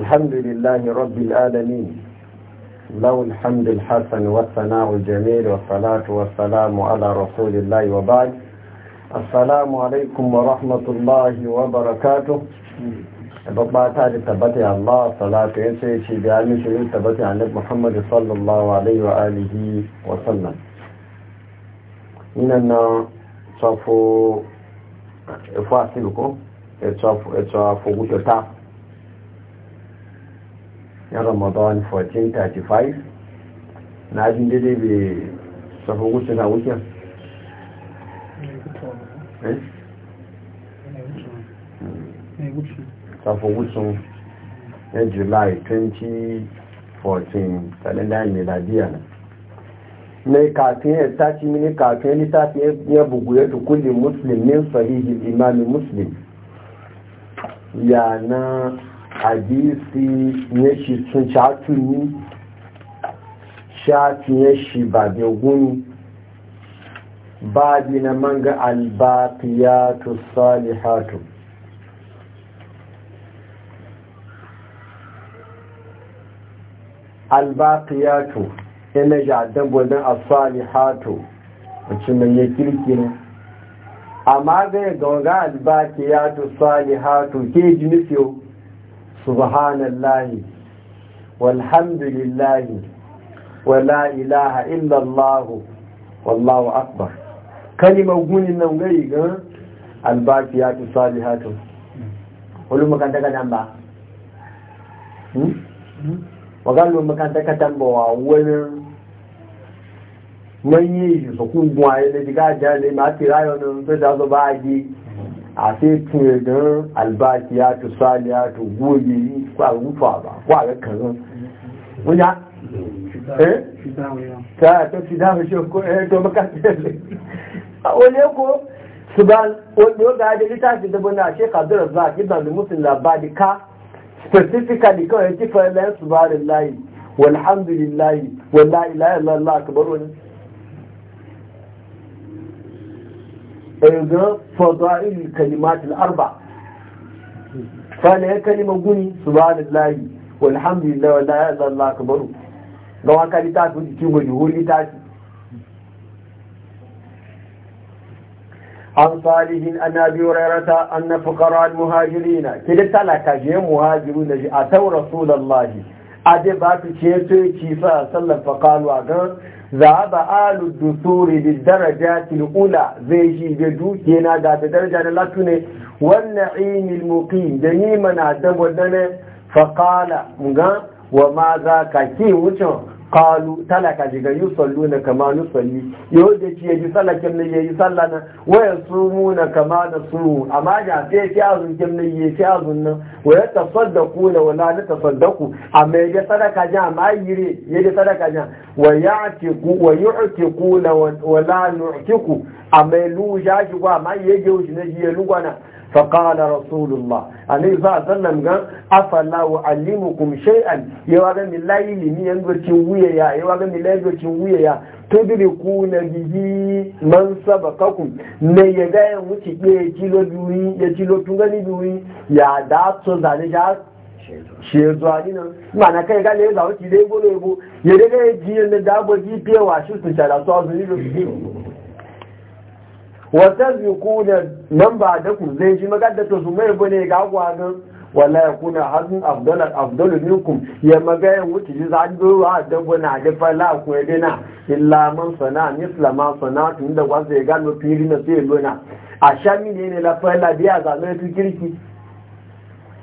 الحمد لله رب العالمين له الحمد الحسن والثناء الجميل والصلاة والسلام على رسول الله وبعد السلام عليكم ورحمة الله وبركاته بابا تاج تبتي الله صلاة انسي شبياني شريف تبتي عن محمد صلى الله عليه وآله وسلم من أن صفو فاسلكم اتصفو اتصفو اتصفو na ramadan 1435 na jin daidai bai safa wuce na wuce eh? safa wucin na july 2014 kalendar miladiya na mai kafin ya tashi mini kafin littafin ya bugu ya tukulli muslim min sahihin imamin muslim ya na hadisi ya shi sun shatuni shafi ya shi ba da guni bi na manga albaqiyatu salihatu albaqiyatu yana ja dabbadan as-salihatu wacce mai ya kirkira amma ga ga albaqiyatu salihatu ke ji nufiyo subhanallahi walhamdulillahi wala ilaha illallahu wallahu akbar kalimar gunin nan gari gan albaki ya tu salihatu wani makanta ka nan ba wagalwa makanta ka tambawa wani manyi su kubuwa ya da jiga jale ma tirayo nan su da zuba a ji a sai tunan albakiya ta saliya ta goge yi kwa rufa ba kwa eh? ta ta fi da mu shoko eh to maka tele a wale ko subhan wanda da da ka specifically kawai ya walhamdulillahi ga fada'il kalimat al-arba fala ya kalima guni subhanallahi walhamdulillahi wala ya illa allah akbar ga wa kali ta tuji ki goji holi ta ci an salihin annabi hurairata anna fuqara al-muhajirin kida talaka je muhajiru da a taw rasulullahi ade ba ku ce to ki fa sallan faqalu a ga za a ba alul daraja til ula zai shi da dukiya na daraja na latu ne wannan ainihin muki da nima na dabo dane faƙala ga wa maza za ka ke wucin kalu talaka shiga yi sallu na kama nu salli yau da ci yaji sallah kim ne yayi sallah na waya sumu na kama na sumu amma da sai ki azun kim ne yayi ki azun nan waya saddaku na wala na tasaddaku amma ya sadaka ja amma yire yaji sadaka ja waya tiku waya ku na wala ku, amma lu yi ji ku, amma yaji wuce ya lu lugwana فقال رسول الله عليه الصلاه والسلام قال افلا اعلمكم شيئا يواغا من لا يلمي ينغوتين ويا يواغا من لا ينغوتين ويا تدركون به من سبقكم ne ya ga ya wuce ya kilo biyu biyu ya da to zane ja shi zuwa ni nan mana kai ga le za wuce dai bolo yebo ya daga ya ji ne da ba ji pewa shi su ta wata ziku da nan ba da ku zai ji magadda to su mai bane ga gwanin wala ya kuna hazin abdullar abdullu minkum ya magayen wuce ji da gwana da fala ku dina illa man sana misla ma sana tun da gwansa ya gano firi na sai lona a shami ne ne la fala biya zame tu kirki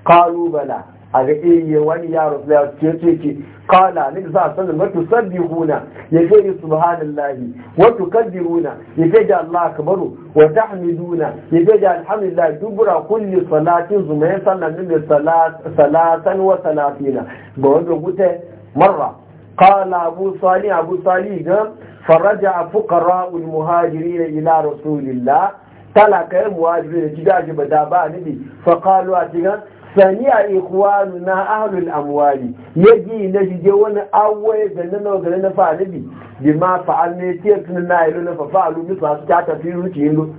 kalubala a ga iya eh, wani yaro ya ce ce ce kala ne da sa sanin wata sabbi huna ya ce yi eh, subhanin lahi wata kalbi huna ya ce ji allah kabaru wata hamiduna ya ce ji alhamdulillah dubura kulli salatin zumai sannan nuna salatan wa salatina ga wanda wuta marra kala abu sali abu sali ga faraja a fukara ulmuhajiri na ila rasulillah talakayin muhajiri da gidaje ba da ba ne fa kalu a cikin sami'a ikhwanu na ahlul amwali yaji na jije wani awai da na nawa na fa'alibi bi ma fa'al ne ce tun na yi na fa'alu bi su ta tafi ruci yin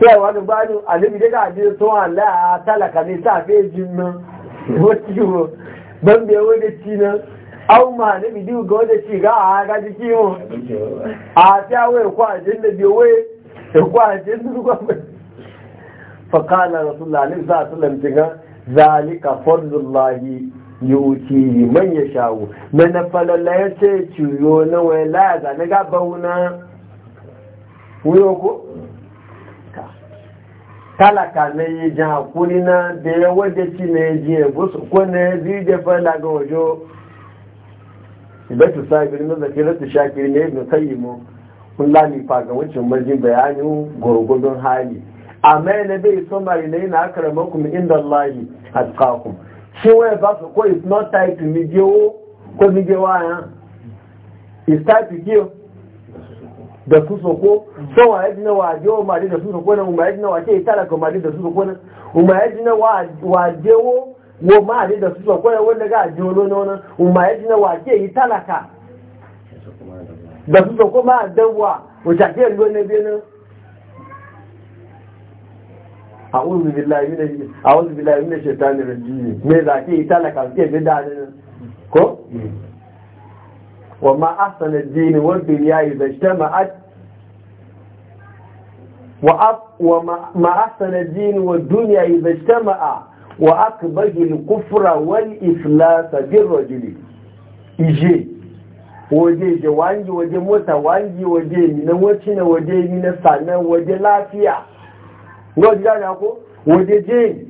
sai wani bani alibi daga ajiyar ala a talaka ne sa fe jin nan wacce ban bai wani ci nan an ma na bidiyo ga wanda ci ga a gaji kiwo a ta wai kwajin da a wai kwajin da kwajin فقال رسول الله عليه الصلاه والسلام ذلك فضل الله yuti من يشاء من na na falala ya ce ciyo na na ko talaka na yi jan hakuri na da ya wadda ci na ya ji busu ko na ya zi da ga wajo na ne kun lami fa ga wancan majin bayanin gwargwadon hali amma yana bai so mari na yana akara maku mu inda Allah a shi waya ba su ko it's not tied to mijewo ko mijewa ya it's tied to give da su soko so wa na wa jewo mari da su soko nan umar na wa ke itala ko mari da su soko nan umar na wa jewo wo mari da su soko na? wanda ga na nan nan umar na wa ke itala ka da su soko ma dan wa wata ke ruwa na biyu a'udhu billahi minash a'udhu billahi minash shaitanir rajim zaki ita la kan ke bid'a ne wa ma ahsana wa af wa ma ahsana ad-din waje je wangi waje mota wangi waje ni na wacce na waje ni na sanan waje lafiya wọ́n dáadáa kó wọ́n jẹ́ jane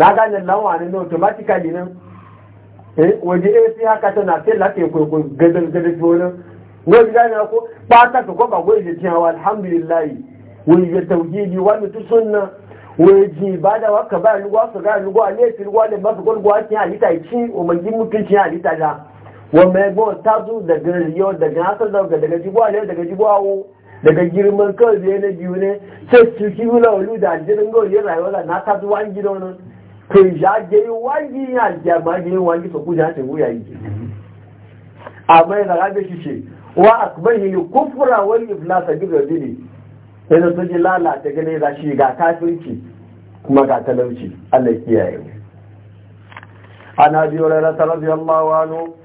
lágbàlẹ̀ láwọn àrin náà automatically náà wọ́n jẹ́ ac hakata náà tẹ́ láti ẹ̀kọ́ ẹ̀kọ́ gẹ́gẹ́gẹ́gẹ́ tí wọ́n náà wọ́n kó pàtàkì kọ́ bàbá àwọn alhamdulilayi wọ́n tàwùjí ibi wà ní náà wọ́n jẹ́ ìbádà wà kàbá ìlúwà sọ̀gá ìlúwà alẹ́sì ìlúwà lè bá sọ̀kọ́ ìlúwà ti àlítà ìtì òmòjì mú àlítà dá wọ́n mẹ́gbọ́n tábù yọ daga girman kawai biyu na biyu ne sai su kiwu na olu da aljinin gawar yin rayuwa da na kasu wangi na wani to ya je yi wangi ya aljiya ma je yi wangi so kuja ta wuya yi amma yana rabe shi ce wa akbar yi yi kufura wani iflasa gizo dini yana sun lalata gane za shi ga kafirci kuma ga talauci Allah kiyaye mu. Ana biyu rarrata mawa anhu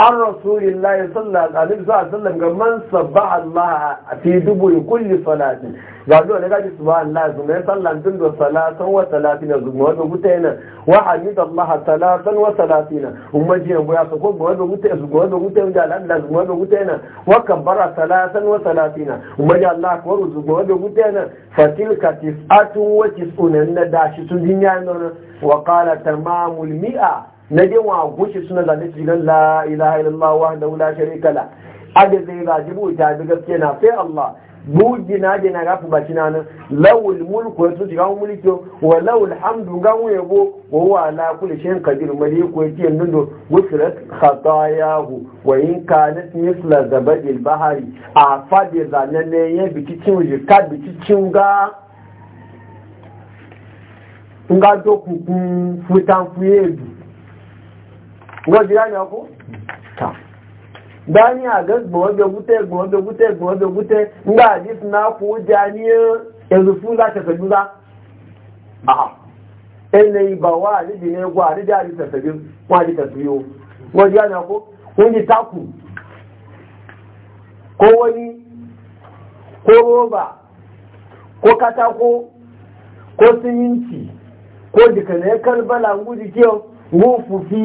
an rasulillahi sallallahu alaihi wasallam ga man sabba Allah fi dubu kulli salatin ga do ne gaji subhanallah zuma ya sallantin da salatan wa salatina zuma wa guta yana wa hamid Allah salatan wa salatina umma ji yango ya sako ga wa guta zuma wa guta da Allah zuma wa guta yana wa kabbara salatan wa salatina umma ji Allah ko zuma wa guta yana fatilka Atun, wa tis'una da shi sun jinya nan wa qala tamamul mi'a na dai wa gushe suna zane cikin la ilaha illallah wa da wula sharika la aga zai jibu ta bi gaske na sai Allah buji na je na gafu ba na nan lawul mulku ya tuji gawo mulki wa lawul hamdu gawo yabo wa huwa ala kulli shay'in qadir ko yake nan do wusrat khatayahu wa in kanat misla zabadil bahari a fadi zanen ne ya biki cin ji ka biki cin ga nga dokukun futan fuyedu wọ́n jẹ́ àyàn kú ta dání àgẹ́gbọ̀n ọgbẹ̀gútẹ́ gbọ̀n ọgbẹ̀gútẹ́ gbọ̀n ọgbẹ̀gútẹ́ ńgbà àdí ti náà kú jẹ́ àní ẹ̀rù fún látẹ̀fẹ̀dúrà ẹnẹ ìbà ko katako ko siminti ko dika ne karbala ngu ngu fufi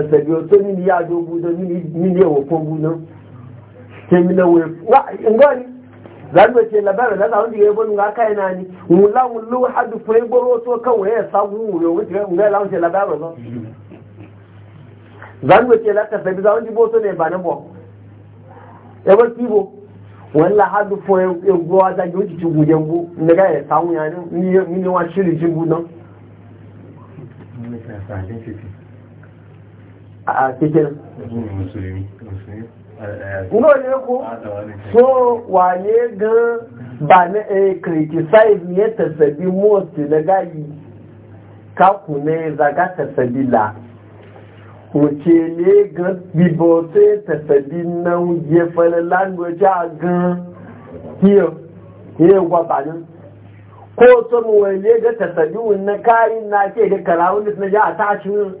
tẹ̀sẹ̀bí o tó níbi yájọ gbúdọ̀ níbi ẹ̀wọ̀ fún gbúdọ̀ tẹ̀mí náà wẹ̀ wá ǹgọ́ ni zanuwa da zaun diga ibonu ga kai na ni mula mulu hadu fai goro to kawai ya samu wuri wuce ga mun ga laun ce labarin ba zanuwa ce laka sai zaun di boso ne ba na bo ya ba kibo walla hadu fai goro da ji wuce ci gujen ne ga ya samu ya ni a cikin ino ne ku so wane gan ba na a eh, criticize ne tasabi most na gayi kaku ne zaga tasabi la wuce ne ga bibo sai tasabi na wuce fana language a gan kiyo kiyo gwabanin ko so son wale ga tasabi na kari na ke ga karawun na ja a tashin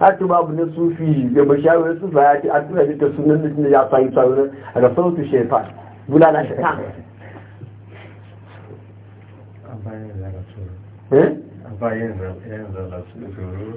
hatu babu na sufi ya bashawo ya sufa ya ce a tura ta sunan mutum da ya sayi sauran a sautu shefa bulala shaitan a bayan zara tsoro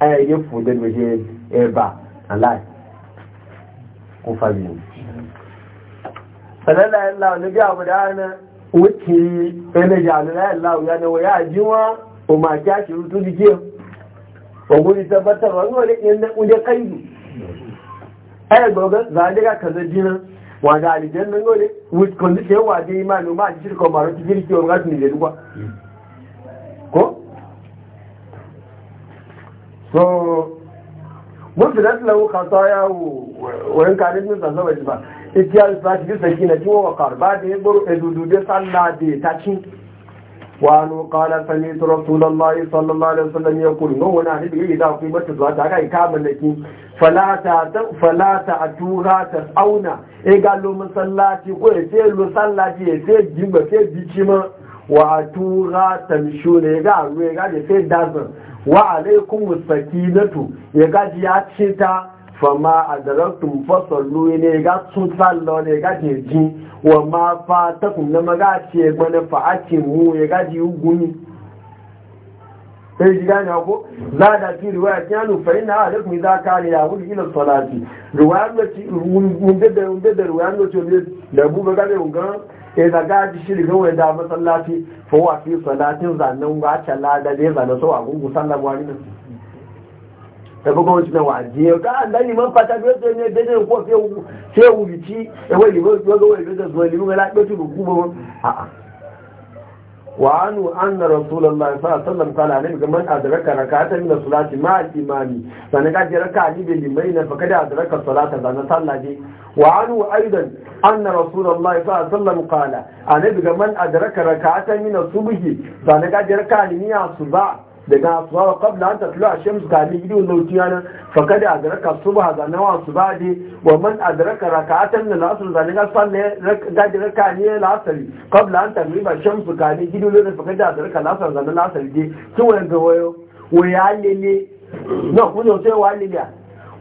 aya yi fún dẹ́nu ṣe ẹ̀bà aláì kó fàbí ní ṣàlẹ́lá ẹ̀lá oníbí àbúdá ẹ̀nà ó ti ẹlẹ́jà àlẹ́lá ẹ̀lá òyànà wọ̀yá àjí wọn o máa kí àṣírí tó di jíẹ̀ ogun ní tabbatar wọn wọ́n lẹ́yìn oúnjẹ káyìí ẹgbẹ̀gbẹ̀ zàdíga kàzẹ̀ jìnà wà ga àlìjẹ́ ní wọ́n lẹ́ with condition wà dé imá ní o máa jíṣìrìkọ̀ màrọ̀ ti jíríkì ọmọ láti nìjẹ̀ Ko. so mun fi dantila wu ya min ba ta cikin sanki na cikin wa da ya buru edudu da sanda da ta cin wa nu kala sami su rasulallah yi sallallahu alaihi wasallam ya kuri no wani hadisi yi da kuma mata zuwa ta kai ka mallaki falata falata a tura ta auna e ga lo mun sallati ko e sai lo sallati e jimba sai bicima wa tura ta mishu ne ga ruwa ga sai dazan wa alaikum sakinatu ya gaji ya ce ta fama adaraktum fasallu ne ga sun sallo ne ga ji wa ma fa ta kun na maga ce gwani fa mu ya gaji uguni sai ji ne ko za da fi riwaya ta yanu fa ina kuma za ka ne ya wuri ila salati riwaya ne ci mun da da riwaya ne ci da bu ga ne ya zaga ji shiri ga wani da masallaci fowa fi salatin zanen wace lada da ya zane so a gungu sallar wani nan ta buga wani cikin waje ya ga an dani man fata biyar da ne da ne ko sai wuci ya wani liman zuwa ga wani da zuwa liman ya laɓe su rukuba a'a وعنه أن رسول الله صلى الله عليه وسلم قال عليه من أدرك ركعة من الصلاة مع الإمام فنقاج ركع لي بالإمين فقد أدرك الصلاة فأنا صلى دي وعنه أيضا أن رسول الله صلى الله عليه وسلم قال عليه من أدرك ركعة من الصبح فنقاج ركع لي الصباح daga asuwa kabla an tatlu a shamsu kami gidiyo na wuti yana fakadi a garaka subha ga nawa su ba de wa man a garaka da na lasar zane ga san ne gadi raka ne lasari kabla an tatlu ba shamsu kami gidiyo na fakadi a garaka lasar zane lasari de su wani ga wayo waya lele na kuma sai wa lele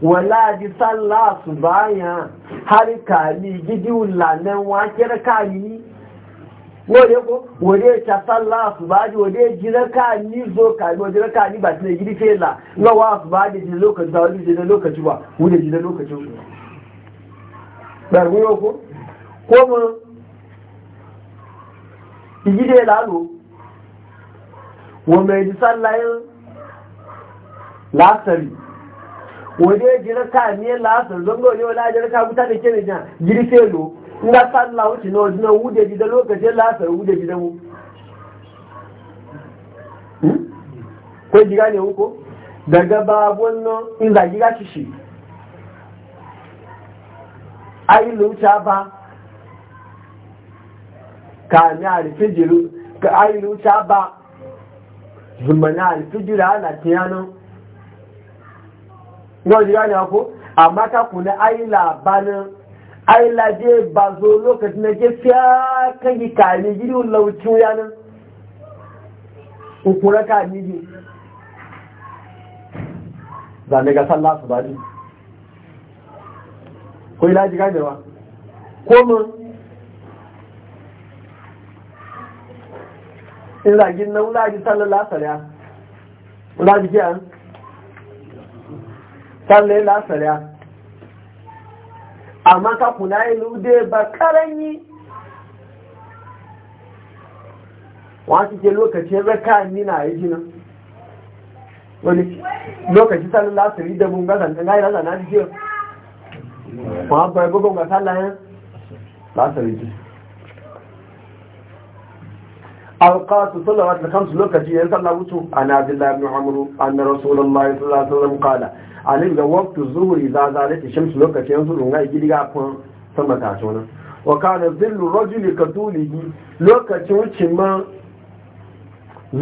wala di sallah su bayan har kami gidiyo lanen wa kira ni wọ́n yẹ kó wọ́n yẹ ṣàtàlá àfùbáàdì wọ́n yẹ jírẹ́kà ní zókà wọ́n jírẹ́kà ní bàtí lè gidi fèlà lọ́wọ́ àfùbáàdì jìnnà lókàtí bá wọ́n jìnnà lókàtí wà wọ́n yẹ jìnnà lókàtí wà. bẹ̀rù yóò kó kó ji ìyíde làálù lasari mọ èdè ka làásàrì lasari yẹ jírẹ́kà ní làásàrì lọ́ngọ̀ yóò lájẹrẹ́kà wúta lè kéré jà gidi fèlò. nga sallah wuce na wajen wude gida lokacin lasar wude gida mu hmm? ko jiga ne ko daga babon nan in za giga shi shi ayi lucha ba ka ni alfijiru ka ayi lucha ba zumana alfijiru Na tiyanu nga jiga ne ko amma ka kuna ayi labanin ai laje ba zo lokacin da ke fiya kan yi kame gidi laucin yanar hukura kame gidi ne ga sallah su ba ne, ko yi laji ganewa ko mun in zagin na wulaji sallar lasariya wulaji ke an sallar lasariya amma ka kula yi lude ba karanyi wasu ke lokacin raka nina yi jinan wani lokaci salin lasiri da bunga zantan gani da na jiyo ma ya bugun ga salayen lasiri jiyo alqatu salawat al-khams lokaci ya sallah wutu an abdullah ibn amru anna rasulullahi sallallahu alaihi wasallam qala alim da waqtu zuhri idza zalat ash-shams lokaci yanzu dunga gidiga kun sama ta tona wa kana zillu rajuli katulihi lokaci wucin ma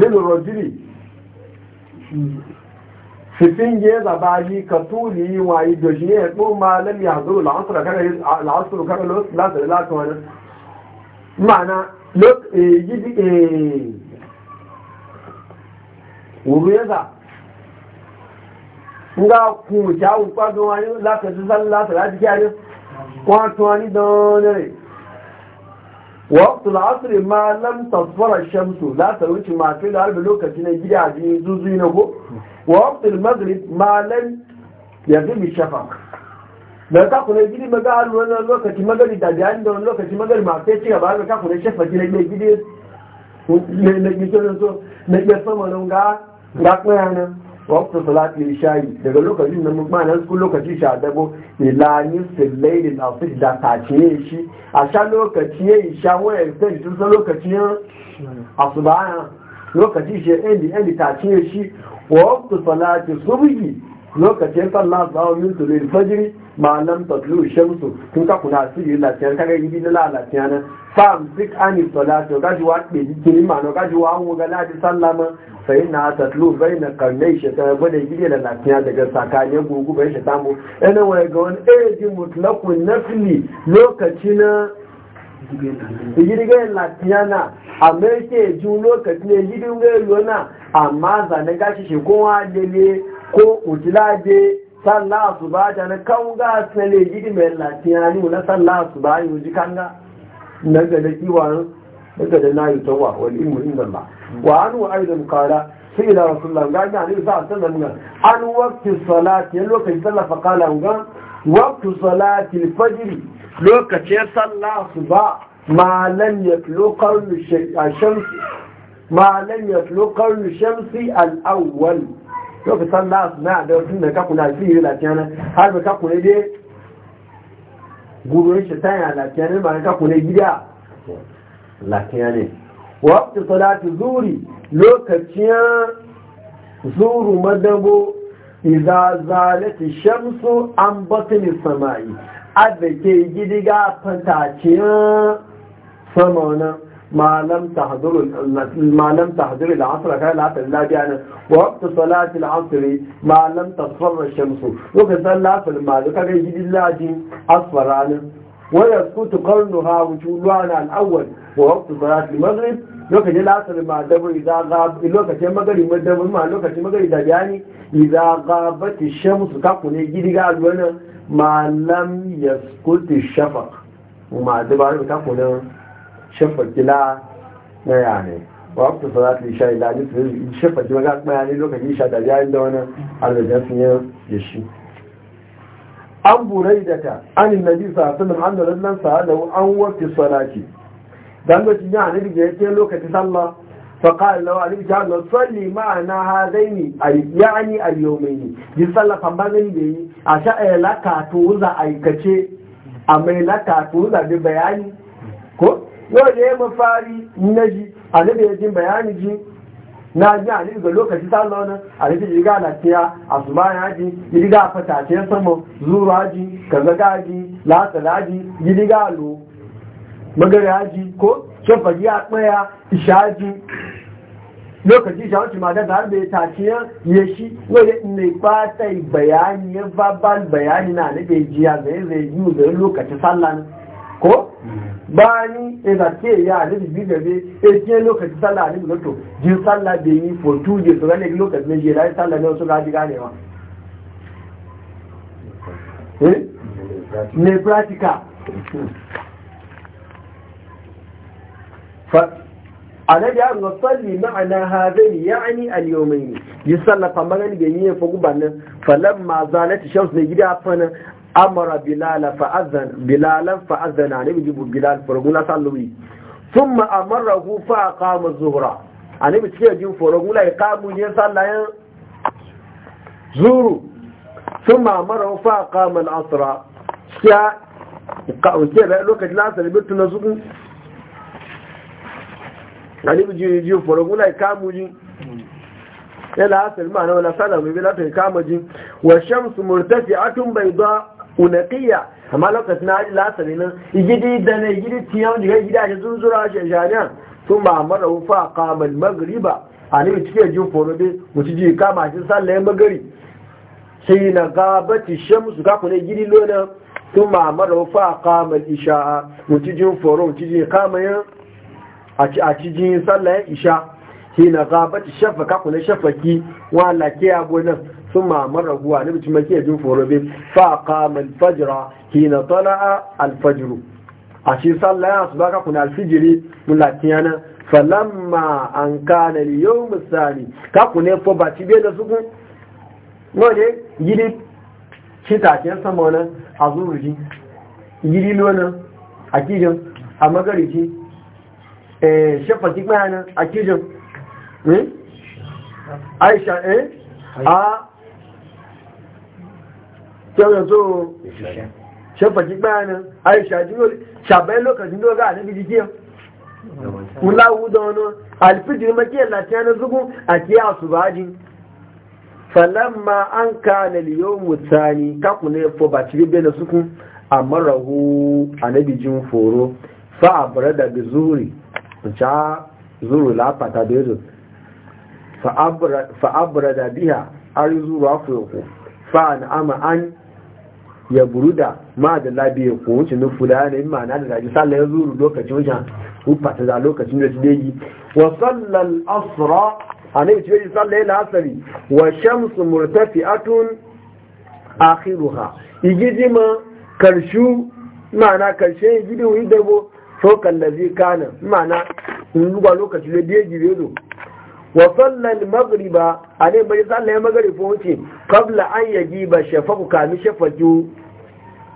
zillu rajuli Sifin ya zaba yi katuli wayi dojine ya ɗo ma lam ya zuru la'asar kare la'asar kare la'asar la'asar wani ma'ana wùmíẹ́sà ńgá kùn ìjà òpádùn ayé látẹ̀sísá látẹ̀láti kí ayé wọ́n tún ayé dánrẹ̀ wọ́n tún lásìrì máa lẹ́mtà fọ́rọ̀ ṣẹ́mtù látẹ̀lúkì máa fi láàrín lókàtí na gídà àti zuzu inagó wọ́n tún mẹ́gìrì máa lẹ́m shafak da ka kuna gidi maga a wani lokaci magari da biyan da wani lokaci magari ma sai ci gaba ga ka kuna shafa gidi na gidi ne na gidi na so na iya sama nan ga ga kuma nan waktu salati shayi daga lokacin da mun mana su lokaci sha dago ila nisfil layl al asr da ta ce shi a sha lokaci yayi sha waya sai tun san lokaci ya asubana lokaci shi endi endi ta ce shi waktu salati subhi lokacin sallah zawo min tulil fajr ma lam tatlu shamsu kun ka kuna la latiyan kaga yi na la nan fam zik ani salatu kaji wa ke jikini ma no kaji wa mu ga lati sallama fa inna tatlu baina qarnay shaytan bane gidi da latiyan daga sakane gugu bai shaytan mu ene wa ga wani eji eh, mutlaqun nafli lokaci na yirge latiyana a meke ju lokaci ne yirge lona amma zane gashi shi kowa dele ko utila de Sallasu su ba ta na kawo ga tsale gidi mai latin hannu na sallah su ba yi wuji kan ga na gada da kiwa daga da nayi tawa wani ilmu inda ba wa wa aidan qala sai da rasulullah ga hannu za a sallan nan an waqti salati lokacin sallah fa qala ga waqti salati fajiri lokacin sallah su ba malam ya yatlu qarnu shamsi al-awwal yau ka san lasu da tun da kakuna fi lafiyana har da dai gurin shi sanya lafiyana ba kakuna gida lafiyana wakti salatu zuri lokacin zuru madabo iza zalati shamsu an batini sama'i adda ke gidiga fantaciyar sama ما لم تحضر ما لم تحضر العصر لا تلاج أنا وقت صلاة العصر ما لم تصفر الشمس وقت لا في المال كجيد اللاج أصفر أنا ويسكت قرنها وجلوان الأول ووقت صلاة المغرب لوك جل عصر ما دب إذا غاب لوك جل مغري ما دب ما لوك جل مغري إذا يعني إذا غابت الشمس كقولي جيد قال ما لم يسكت الشفق وما دب عصر gila na yanayi ba ku sa zafi sha ila ne su yi shafarki ba ga kuma yanayi lokacin sha da yayin da wani arzikin sun yi ya shi an burai da ta an yi nabi sa su nan an da rannan sa da an wafi salati dan lokacin ya hannu da ya ce lokacin sallah fa qala law ali ja la salli ma ana hadaini ay a yi yawmaini bi salla fa bangani de a sha ila ka to za ai kace a mai la ka to za bi bayani ko yau da ya mafari na ji a annabi ya jin bayani ji na ji annabi ga lokaci ta zaune a rikin gana lafiya a su bayan haji riga fatace sama zuwa haji kaza gaji latsa haji riga lo magari haji ko shafa a tsaya isha haji lokaci wacce ma da har bai taciyar ya shi wani mai fata bayani ya babal bayani na annabi jiya ji ya zai zai yi zai lokaci sallah ko bani ina ke ya ne bi gabe e ke lokacin sallah ne lokaci ji sallah da yi for two years ga ne lokaci ne jira sallah ne su ga ji gane ma eh ne practica fa annabi ya ga salli ma'ana hadain yani al-yawmayn yi sallah fa magani ga yi fa gubanin falamma zalat shams ne gida fa amara bilala fa'azan bilalan fa'azan ne bi bilal fargula sallawi thumma amarahu fa'a qama zuhra ani bi cike jin fargula ya qamu ne sallayan zuru thumma amarahu fa qama al-asra ya qauke da lokacin asar bi tun zuku ani bi jin fargula ya qamu jin ya la asar ma na wala sallama bi la ta kama jin wa shamsu murtafi'atun bayda unaqiya amma lokacin haji lasari nan igidi da ne igidi tiyan diga igidi a sun zura shi jami'a sun ba mara wufa kamar magriba a ne cike jin foro dai mutu ji kama shi sallayen magari sai na gabati shamsu ka kuma igidi lona sun ba mara wufa kamar isha mutu jin foro mutu ji kama yin a cijin sallayen isha sai na gabati shafa ka kuma shafaki wa lakiya gonan ثم مره عن ابن مكي يجن فوربين فقام الفجر حين طلع الفجر اشي صلى أصبح كنا الفجر من لاتيانا فلما ان كان اليوم الثاني كنا فباتي بينا سكون يدي يلي شتاتين سمونا أزورجي yiri lona a kijin a magarici shafa kimanin a kijin aisha a kyau zo shafaki bayanin aisha jiro shabayin lokacin doga a nabi jikiya wulawu da wani alfijir makiyar latiya na zugun a kiya su Falama falamma an ka liyo mutane kaku ne fo ba ci na sukun a marahu a nabi jin fa a bara da bi zuri ca fa abra da biya fa an ya buruda ma da labiya ko wuce na yana yi ma'ana da gaji sallah ya zuru lokacin wajen ufa ta da lokacin da su dai wa sallal asra annabi ce yi sallar ya asari wa shamsu murtafi murtafi'atun akhiruha ma karshu ma'ana karshe igidi wuyi dabo sokan da zai kana ma'ana in zuwa lokacin da dai gibe zo wa sallal maghriba a ne bai tsalla ya magari wuce kabla an yaji ba shafa ku kami shafa ju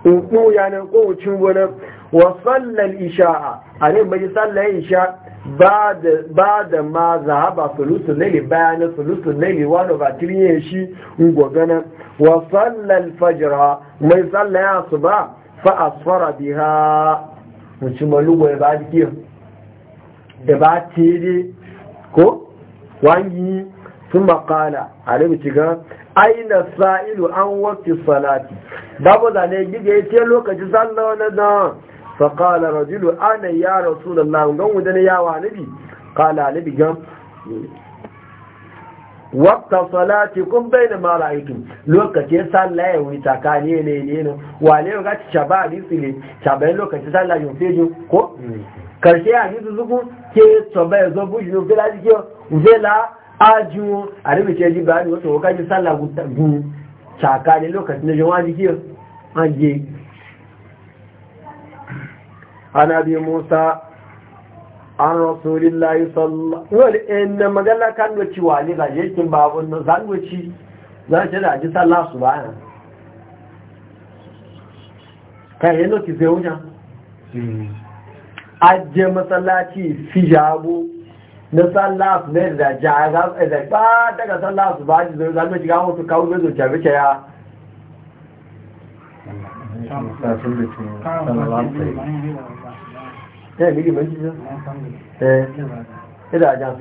uku yanar kowacin wani wa tsallar isha'a a ne bai tsalla ya isha ba da ma za a ba sulusun naili bayanin sulusun naili wani ba tirinye shi gwagana wa tsallar fajira mai tsalla ya su ba fa a tsara bi ha mutum maluwa ya ba da ba tere ko wangi sun makala a rabi cikin aina sa'ilu an wakti salati babu zane gida ya ce lokacin sallah wani da faƙala rajulu ana ya rasu da lagun gan wujen yawa nabi kala nabi gan wakta salati kun bai da mara aikin lokacin sallah ya wuri tsakani ne ne ne wale ya gaci caba a disile cabayin lokacin sallah yin ko mm. karshe a nisu zuku ke caba ya zo bushi ne fila jike zela ajiyo a rufe ce ji bayani wata wakajin sallah gun caka ne lokacin da jama'a jikiyar ajiye ana bi musa an rasulillahi sallallahu alaihi wasallam magana kan da ciwa ne da yakin babu na zangoci za ta da ji sallah su bana kai yi ki sai wuya? Hmm. ajiye masallaci fi jabo na sallah su ne da jaga da ba daga sallah su ba ji zai zama shiga wasu kawo zai zuciya bice ya jiya eh ida eh, jan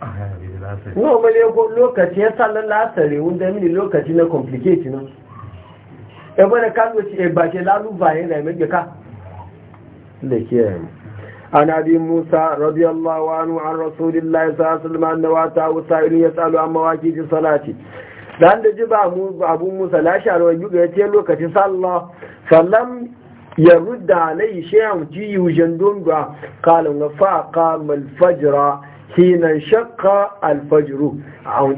ní ọmọ ilé ogun lókàtí ẹ sálọ látàrí oúnjẹ mí lókàtí náà complicate náà ẹgbọ́n ẹ̀ká ló ti ẹgbàjẹ lálúbà ẹ̀rẹ̀ ẹ̀mẹ́gbẹ̀ká lèkí ẹ̀rùn عن أبي موسى رضي الله ya an dan da ji ba abu musa lashe alwa yuga lokacin sallah sallam ya rudda alai shayan ji dunga kalin fa fajra hina shakka alfajiru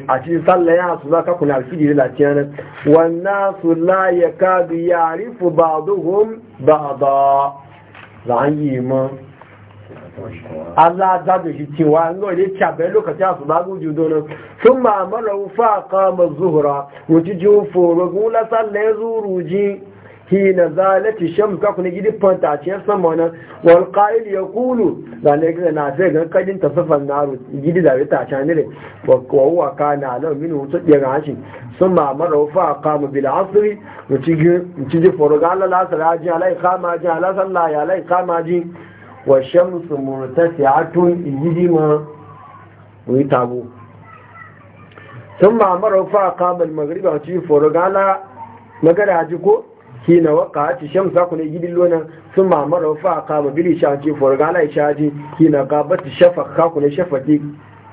a cikin sallah ya su zaka kuna alfijiri latiyanin wannan su la ya kadu ya rifu ba duhun ba ba za an yi ma Allah za da shi cewa an gawa ne cabai lokaci a su magu judo nan sun ma'amara wufa kama zuhura wuci jin foro gula sallah ya zuru ji hina zalati shamsa kuna gidi fantaciyar sama nan wal qa'il yaqulu zane ga na sai ga kadin tasafan naru gidi da ta canire wa huwa kana law min wuce daga hashi sun ma mara fa qamu bil asri wuci gi wuci ji foroga Allah la sara ji alai qama ji ala salla ya alai qama ji wa shamsu murtasi'atun gidi ma wi tabu sun ma mara fa qamu al maghriba wuci foroga Allah magara ko hina waka ci sham sa kuna gidin lona sun mamara fa ka kama bili sha ce forga lai sha ji hina ka ba shafa ka kuna shafaki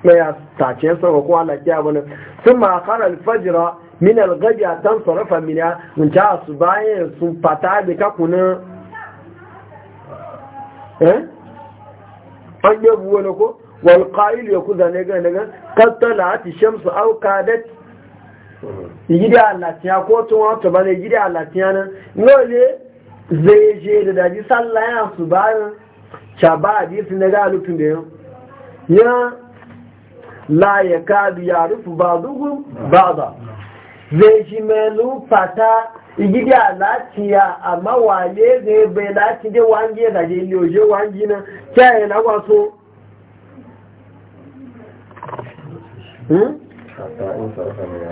maya tace sa ko ala kiya bana sun ma khara al fajra min al ghabi tan sarafa min mun ta su baye su fata da ka kuna eh an yabu wani ko wal qa'il yakuza ne ga daga. ga qad talat shamsu aw kadat yigidi alatiya ko tun wani to bane yigidi alatiya nan zai je da daji sallah ya su bayan a hadisi na ga alufin da yau ya la ya kadu ya rufu ba dugu ba ba zai shi melu fata igidi alatiya amma wale zai bai lati dai wange da je liyoje wange na. kyaye na kwaso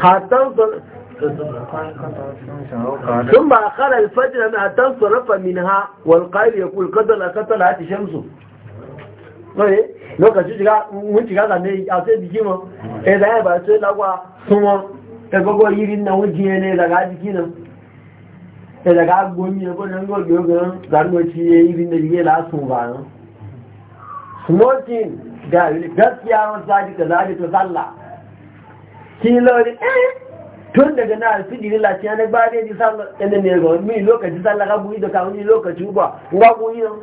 hatan ثم أخر الفجر حتى انصرف منها والقائل يقول قدر قتلت الشمس lokacin mun shiga zane a sai jiki ma da ya ba sai lagwa kuma ta gogo yirin na wujiye ne daga jiki nan eh daga gomi ko nan go go gan da yiye la sun ba nan smoking da gaskiya wani zaji ta zaji ta sallah kí Eh. tun daga na alfijiri lati yana ba ne ji sa ɗanen ne ga mi lokaci sa laka buyi da kawuni lokaci ba ga buyi nan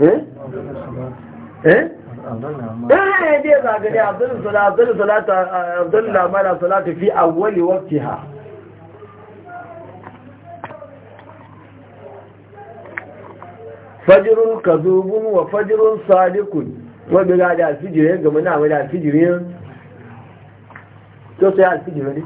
eh eh eh dai ba ga dai abdul salatu abdul salatu abdul lamara salatu fi awwali waqtiha fajrun wa fajrun sadiqun wọ́n gbé láti àfíjì rẹ̀ náà wọ́n àfíjì rẹ̀ tó tẹ́ àfíjì rẹ̀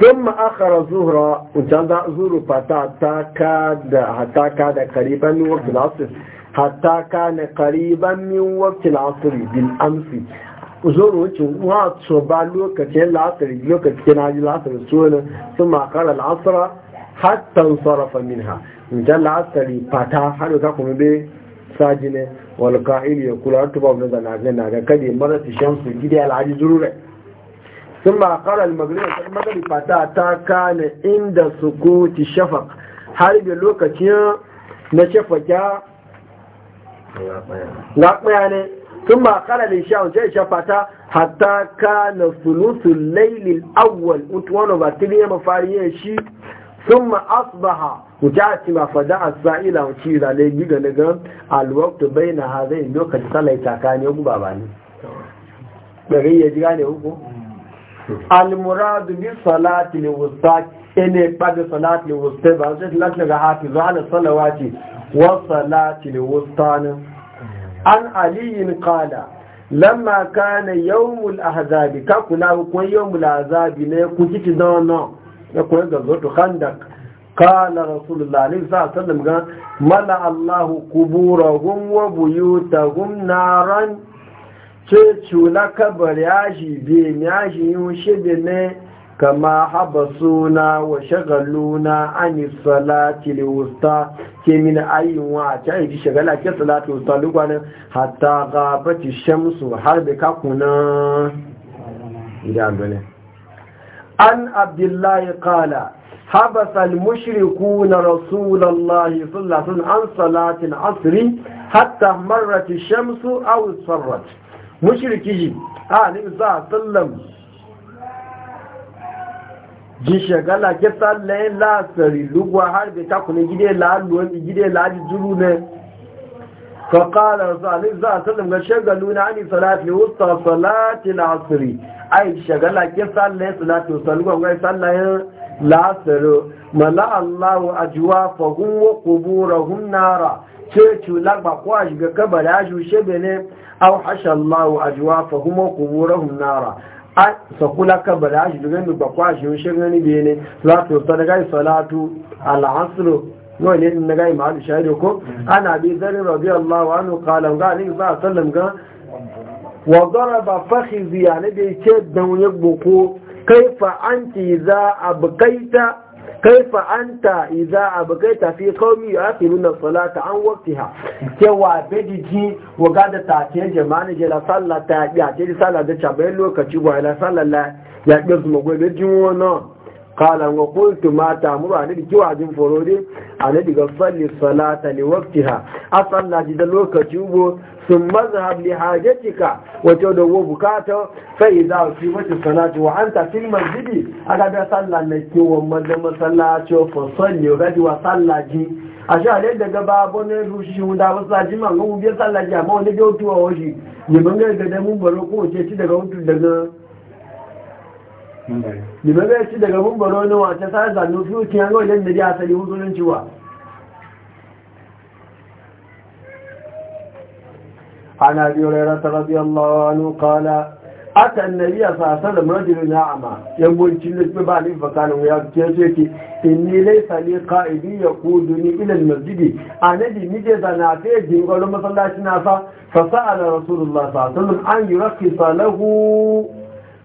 ثم آخر زهرة وجند زهرة حتى كاد حتى كاد قريبا من وقت العصر حتى كان قريبا من وقت العصر بالأمس zoro wuce wa so ba lokacin la'asar lokacin na ji la'asar sunan sun makara la'asara hatta sarrafa in inda lasari fata har ta kuma bai sajine wal qa'il ya kula ba bin da na ga kade marati shamsu gidi al aji zurure sun makara al maghrib al magari fata ta kana inda sukuti shafaq har bi lokacin na shafaka na tsaya ne ثم قال الإنشاء جاء شفتا حتى كان ثلث الليل الاول وتوانا باتلية مفاريه شي ثم اصبح وجاءت ما فدع السائلة وشير عليه جيغا نغم الوقت بين هذين لو كان صلى يتاكاني أبو باباني بغي يجيغاني أبو المراد بالصلاه الوسطى ان بعد صلاه الوسطى بعد صلاة الوسطى بعد صلاة الوسطى an aliyin qala lamma kana yawmul ahzabi ka kula ko yawmul ahzabi ne ku kiti no ya ko ga zoto khandak qala rasulullah sallallahu alaihi wasallam ga mala allah kuburahum wa buyutahum naran ce chula kabari aji be ne aji yun shi ne كما حبسونا وشغلونا عن الصلاة الوسطى كمن أي واتع دي شغلة كصلاة الوسطى لقوانا حتى غابت الشمس حرب كاكونا عن عبد الله قال حبس المشركون رسول الله صلى الله عليه وسلم عن صلاة العصر حتى مرت الشمس أو صرت مشركي آه نبي صلى الله عليه وسلم ji shagala ke tsallaye lasari lugwa har bai takunan gide laluwan gide ladi juru ne faƙala zalim za a salim ga shagalu na ani salati wusta salati lasiri ai shagala ke tsallaye salati wusta lugwa ga tsallaye lasiri mala allahu ajuwa fahun wa kuburahun nara ce cula ba ko shiga kabar ya shushe bene au hashe allahu ajuwa fahun wa kuburahun nara a sakula da shi dugan mi bakwa shi shi gani biye ne salatu sadaka salatu al-asr no ne na gai ma alu shaido ko ana bi zarin wa anhu qala ga ni ba sallam ga wa ba fakhizi ya ne bi ce dan Kai fa an anti za a bukaita. kaifa anta idza ta fi qaumi nuna salata an waqtiha cewa bidiji waga da ta ce jama'a je la sallata ya ce sallah da chabe lokaci ba la sallala ya ce su mago da jinwo na qala wa tumata, ma ta'muru an kiwa jin forode an bi ga salli salata li waqtiha a ji da lokaci bo sun mazhab li cika wace da wo bukata fa idza fi wati salati wa anta fil masjidi ala bi salla ne ki wo madda masalla cho fa sanni ga di wa salla ji a sha le da gaba babo ne ru shi mu da wa salla ji ma mu bi salla ji amma ne ga wutu wa wuji ni mun ga da da mun baro ko ce ci daga wutu daga ni ba ga ci daga mun baro ne wa ta sa zanu fi wuti an ga da ne asali wutu ne ciwa عن أبي هريرة رضي الله عنه قال أتى النبي صلى الله عليه وسلم رجل أعمى يقول جلس ببالي فقال ويأتي إني ليس لي قائدي يقودني إلى المسجد أنا دي نجد أنا أتيجي يقول لما صلى الله عليه وسلم فسأل رسول الله صلى الله عليه وسلم أن يرخص له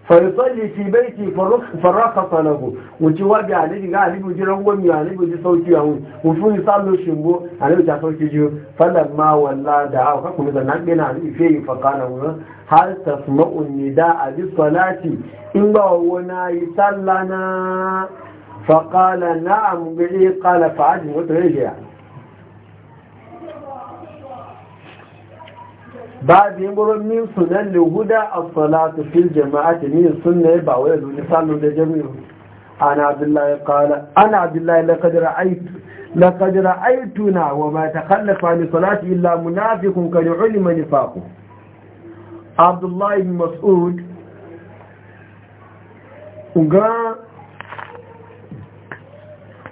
fayisalli fi baiti farraka sanahu wuce wabi alibi ga alibi ji rangomi alibi ji sauki a wuce yi salo shimbo alibi ta sauki ji fallan ma walla da hau kaku nisa na gina fiye yi fakana wuce har ta suma unni da abi salati in ba wana yi salla na fakala na amgbe kala fa'ajin wata rajiya بعد يمر من سنن الهدى الصلاة في الجماعة من سنة باويل ونسال لجميع أنا عبد الله قال أنا عبد الله لقد رأيت لقد رأيتنا وما تخلف عن صلاة إلا منافق كان علم نفاقه عبد الله بن مسعود وقال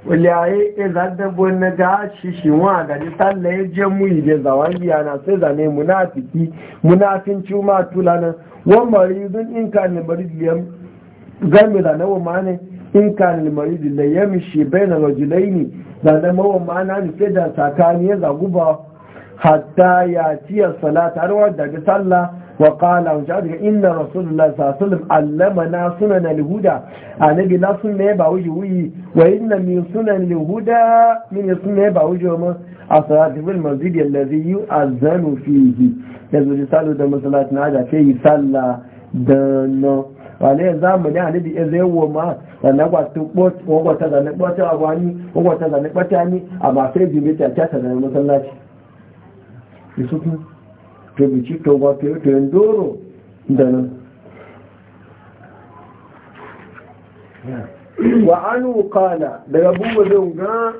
waliyaye ya zaddabo na ga shi wa gari sallah ya e je mu ide zawagiya na sai zane munafiki munafin cuma tulana wa maridun in ka ne marid liyam zame da nawa ne in ka ne marid da yamshi baina rajulaini da da mawa na ne sai da sakani ya zaguba hatta ya tiya salata har wa daga sallah وقال وجعل إن رسول الله صلى الله عليه وسلم علمنا سنن الهدى النبي لا سنة يبعوج وي وإن من سنن الهدى من سنة يبعوج وما الصلاة في المسجد الذي يؤذن فيه يزوج صلاة دم صلاة نعجة فيه صلاة دنو wale zamani a nabi ya zai wo ma sannan wata zane kwata a wani wata zane kwata ni a masu yi jimita ta ta zane masallaci to ci to ba to yin doro da nan wa anu qala daga buwa zan ga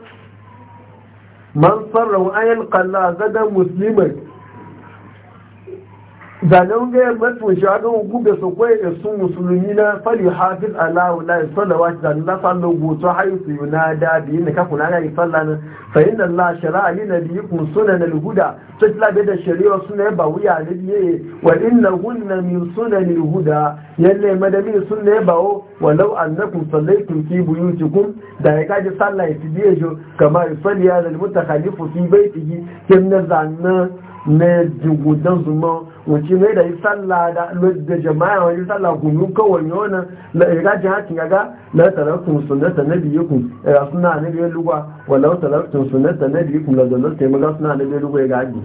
man wa ayan qalla zadan musliman zanen gaya mafi shagon gube su kwaye da su musulmi na fali hafiz alawu la sallallahu alaihi wasallam zanen na sallan goto haisu na dadi ne ka kuna ga sallan fa'in da Allah shari'a ne na biyu kun suna na huda To kila bai da shari'a suna ba wuya na biye wa inna hunna min suna na huda yalle madami suna ba wo walau annakum sallaitum fi buyutikum da ya kaji sallah ya fiye jo kamar yusalli ya zal mutakhalifu fi baitihi kin na zanna na jigudan zuma wace mai da yi sallah da jama'a wani sallah gumi kawai ne wani na irajin hakin gaga na talarkun sunnata na biyu kun suna na biyu lugwa walau talarkun sunata na jiki kuma da nasu taimaka suna da mai rubai gaji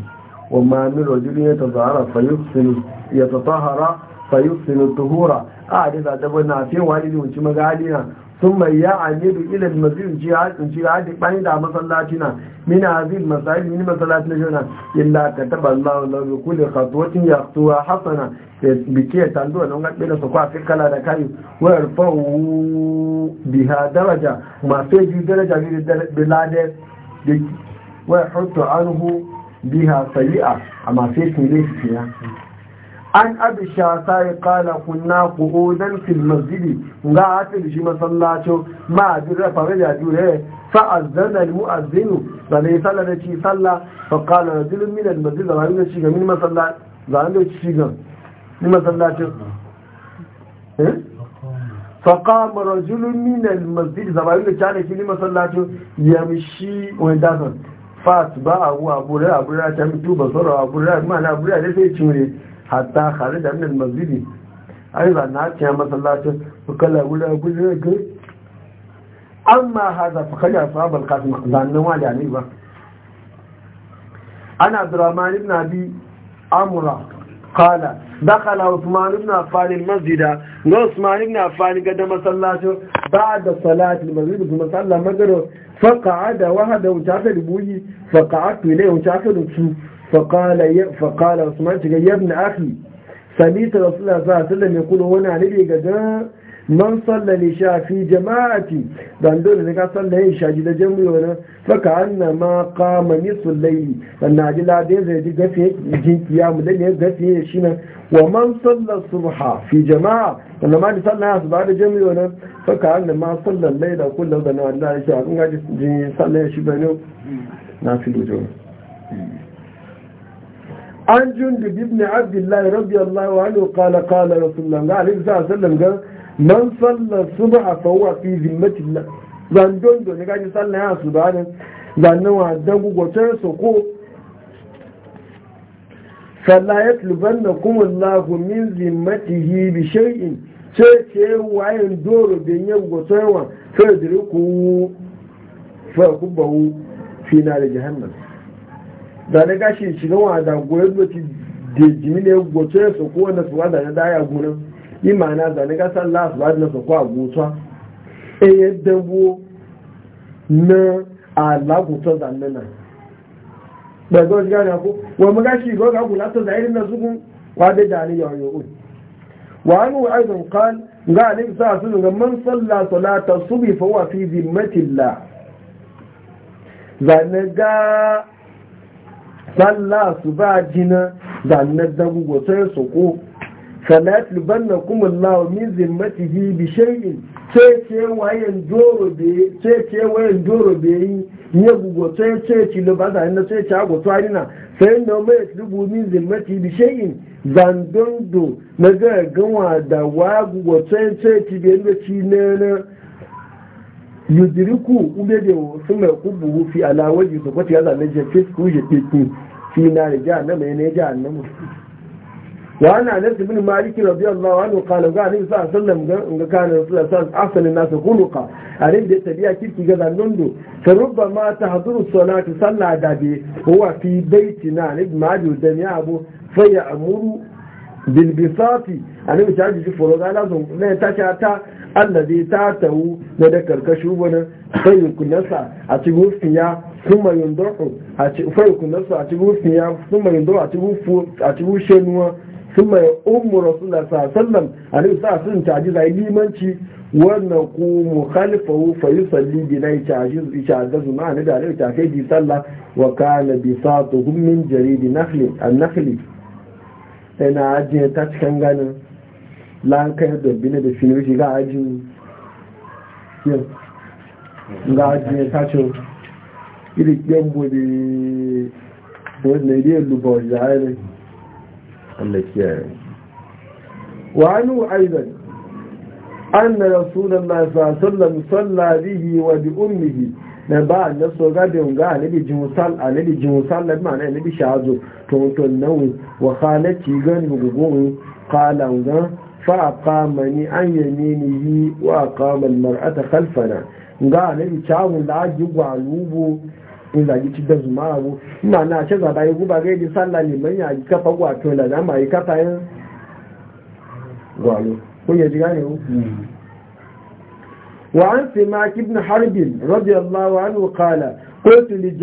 wa mami rajuli ya tazara fayusinu ya tazahara fayusinu tuhura a da za ta bana fi wani da wuce magadina sun mai ya ne da ilan mazin jihadin jihadin bani da masallaci na mina zin masallaci mini masallaci na jana illa ka taba allahu na bi kulle katuwacin ya tuwa hasana da bike ta zuwa na wani ɗaya su kwafi kala da kayu wayar fa'u biha daraja masu yaji daraja biladar yake wa hutu anhu biha sayi'a a sai sun ne shi an abi shatai kala kunna qu'udan fil masjid ga atil shi masallacho ma dira faraja jure fa azzana al mu'azzin da ne salla da ci salla fa qala rajul min al masjid wa ne shi min masallaci da ne ga min فقام رجل من المسجد زباين كان في المسلاته يمشي وندازن فاتبعه أبو ابو أبو رأى تو بصره ابو رأى ما أبو رأى سي تشوري حتى خرج من المسجد ايضا ناتيا مسلاته وقال ابو رأى أبو رأى أما هذا فقد أصاب القاسم ظنوا عليه أنا عبد الرحمن بن ابي امره قال دخل عثمان بن عفان المسجد عثمان بن عفان قد مسلاته بعد صلاة المغرب ثم صلى المغرب فقعد وحده وشافه لبوي فقعدت إليه وشافه لبسو فقال فقال عثمان يا ابن أخي سميت رسول الله صلى الله عليه وسلم يقول هنا نبي قد man salla ne sha fi jama'ati dan dole ne ka salla yin shaji da jami'i wani faka anna ma kama ni sulayi na ji ladin zai ji gafe jinkiya mu da ne gafe ya shi nan wa man salla subha fi jama'a dan ma ji salla su ba da jami'i wani faka anna ma salla da kullum da na Allah shi a kun ga ji salla shi bane na fi dojo an jundub ibn abdullah radiyallahu anhu qala qala rasulullah alaihi wasallam ga man sallar subha fa huwa fi zimmatillah zan don don ga ji sallar ya su ne zan nawa dan gugotar so ko ya yatlubannakum Allahu min zimmatihi bi shay'in sai ce wayan doro bin yan gugotarwa da diriku fa kubahu fi nar jahannam da na gashi shiga wa da goyon da ci da jimi ne gugotar so ko wanda suwa da na daya gurin yi ma'ana zane gasar lasu ba na sakwa gusa e yadda wo na alagusa zane na daga wasu gane ku wa muka shi ga ga kula ta zairin na zugun kwade da ni yawon yawon wa an wa aizan kan ga alim sa su ga man salla salata subi fa wa fi zimmatillah zane ga salla su ba jina zane da gugu sai su ko fala tulbanna kuma Allah min zimmatihi bi shay'in ce ce wayan doro be ce wayan doro be yi ne gugo ce ci lo baza na na ga gawa da wa gugo ce ci ci ne na yudiriku ube de su mai kubu fi alawaji su ya zane je وعن انس بن مالك رضي الله عنه قال قال النبي صلى الله عليه وسلم ان كان رسول الله صلى الله عليه وسلم احسن الناس خلقا ارين دي تبيا كيف كذا نندو فربما تحضر الصلاه صلى دابي هو في بيتنا ما دي دنيا ابو فيامر بالبساط انا مش عارف شوف ولا لازم لا تشاتا الذي تاتو ده كركشو بنا فيكون نسا اتيغو فيا ثم يندرو اتيغو cikin farko nasu اتيغو cikin fiya kuma yundoku a cikin shenuwa sun mai ummu rasulullah sallam a nan sa sun taji zai limanci wannan ku mu khalifahu fa yusalli bi nai taji ijazar su ma'ana ta kai sallah wa kana bi jaridi nakhli an ajiye ta ganin da bine da aji ga ajiye ta ce bude Allah kiyaye wa anu aidan anna rasulullahi sallallahu alaihi wasallam salla bihi wa bi ummihi na ba na so gabe nga anabi jimusal anabi jimusal na ma anabi shazo to to nawu wa khalati gan gugu qala nga fa aqamani an yaminihi wa aqama al mar'ata khalfana nga anabi chawu la jigwa lubu in zagi ci da zuma abu ina na ce zaba yi guba gai di sallah liman ya yi kafa gwato da dama yi kafa yin gwalo kun ji gane ku wa an ma ibn harbin radiyallahu anhu qala qultu li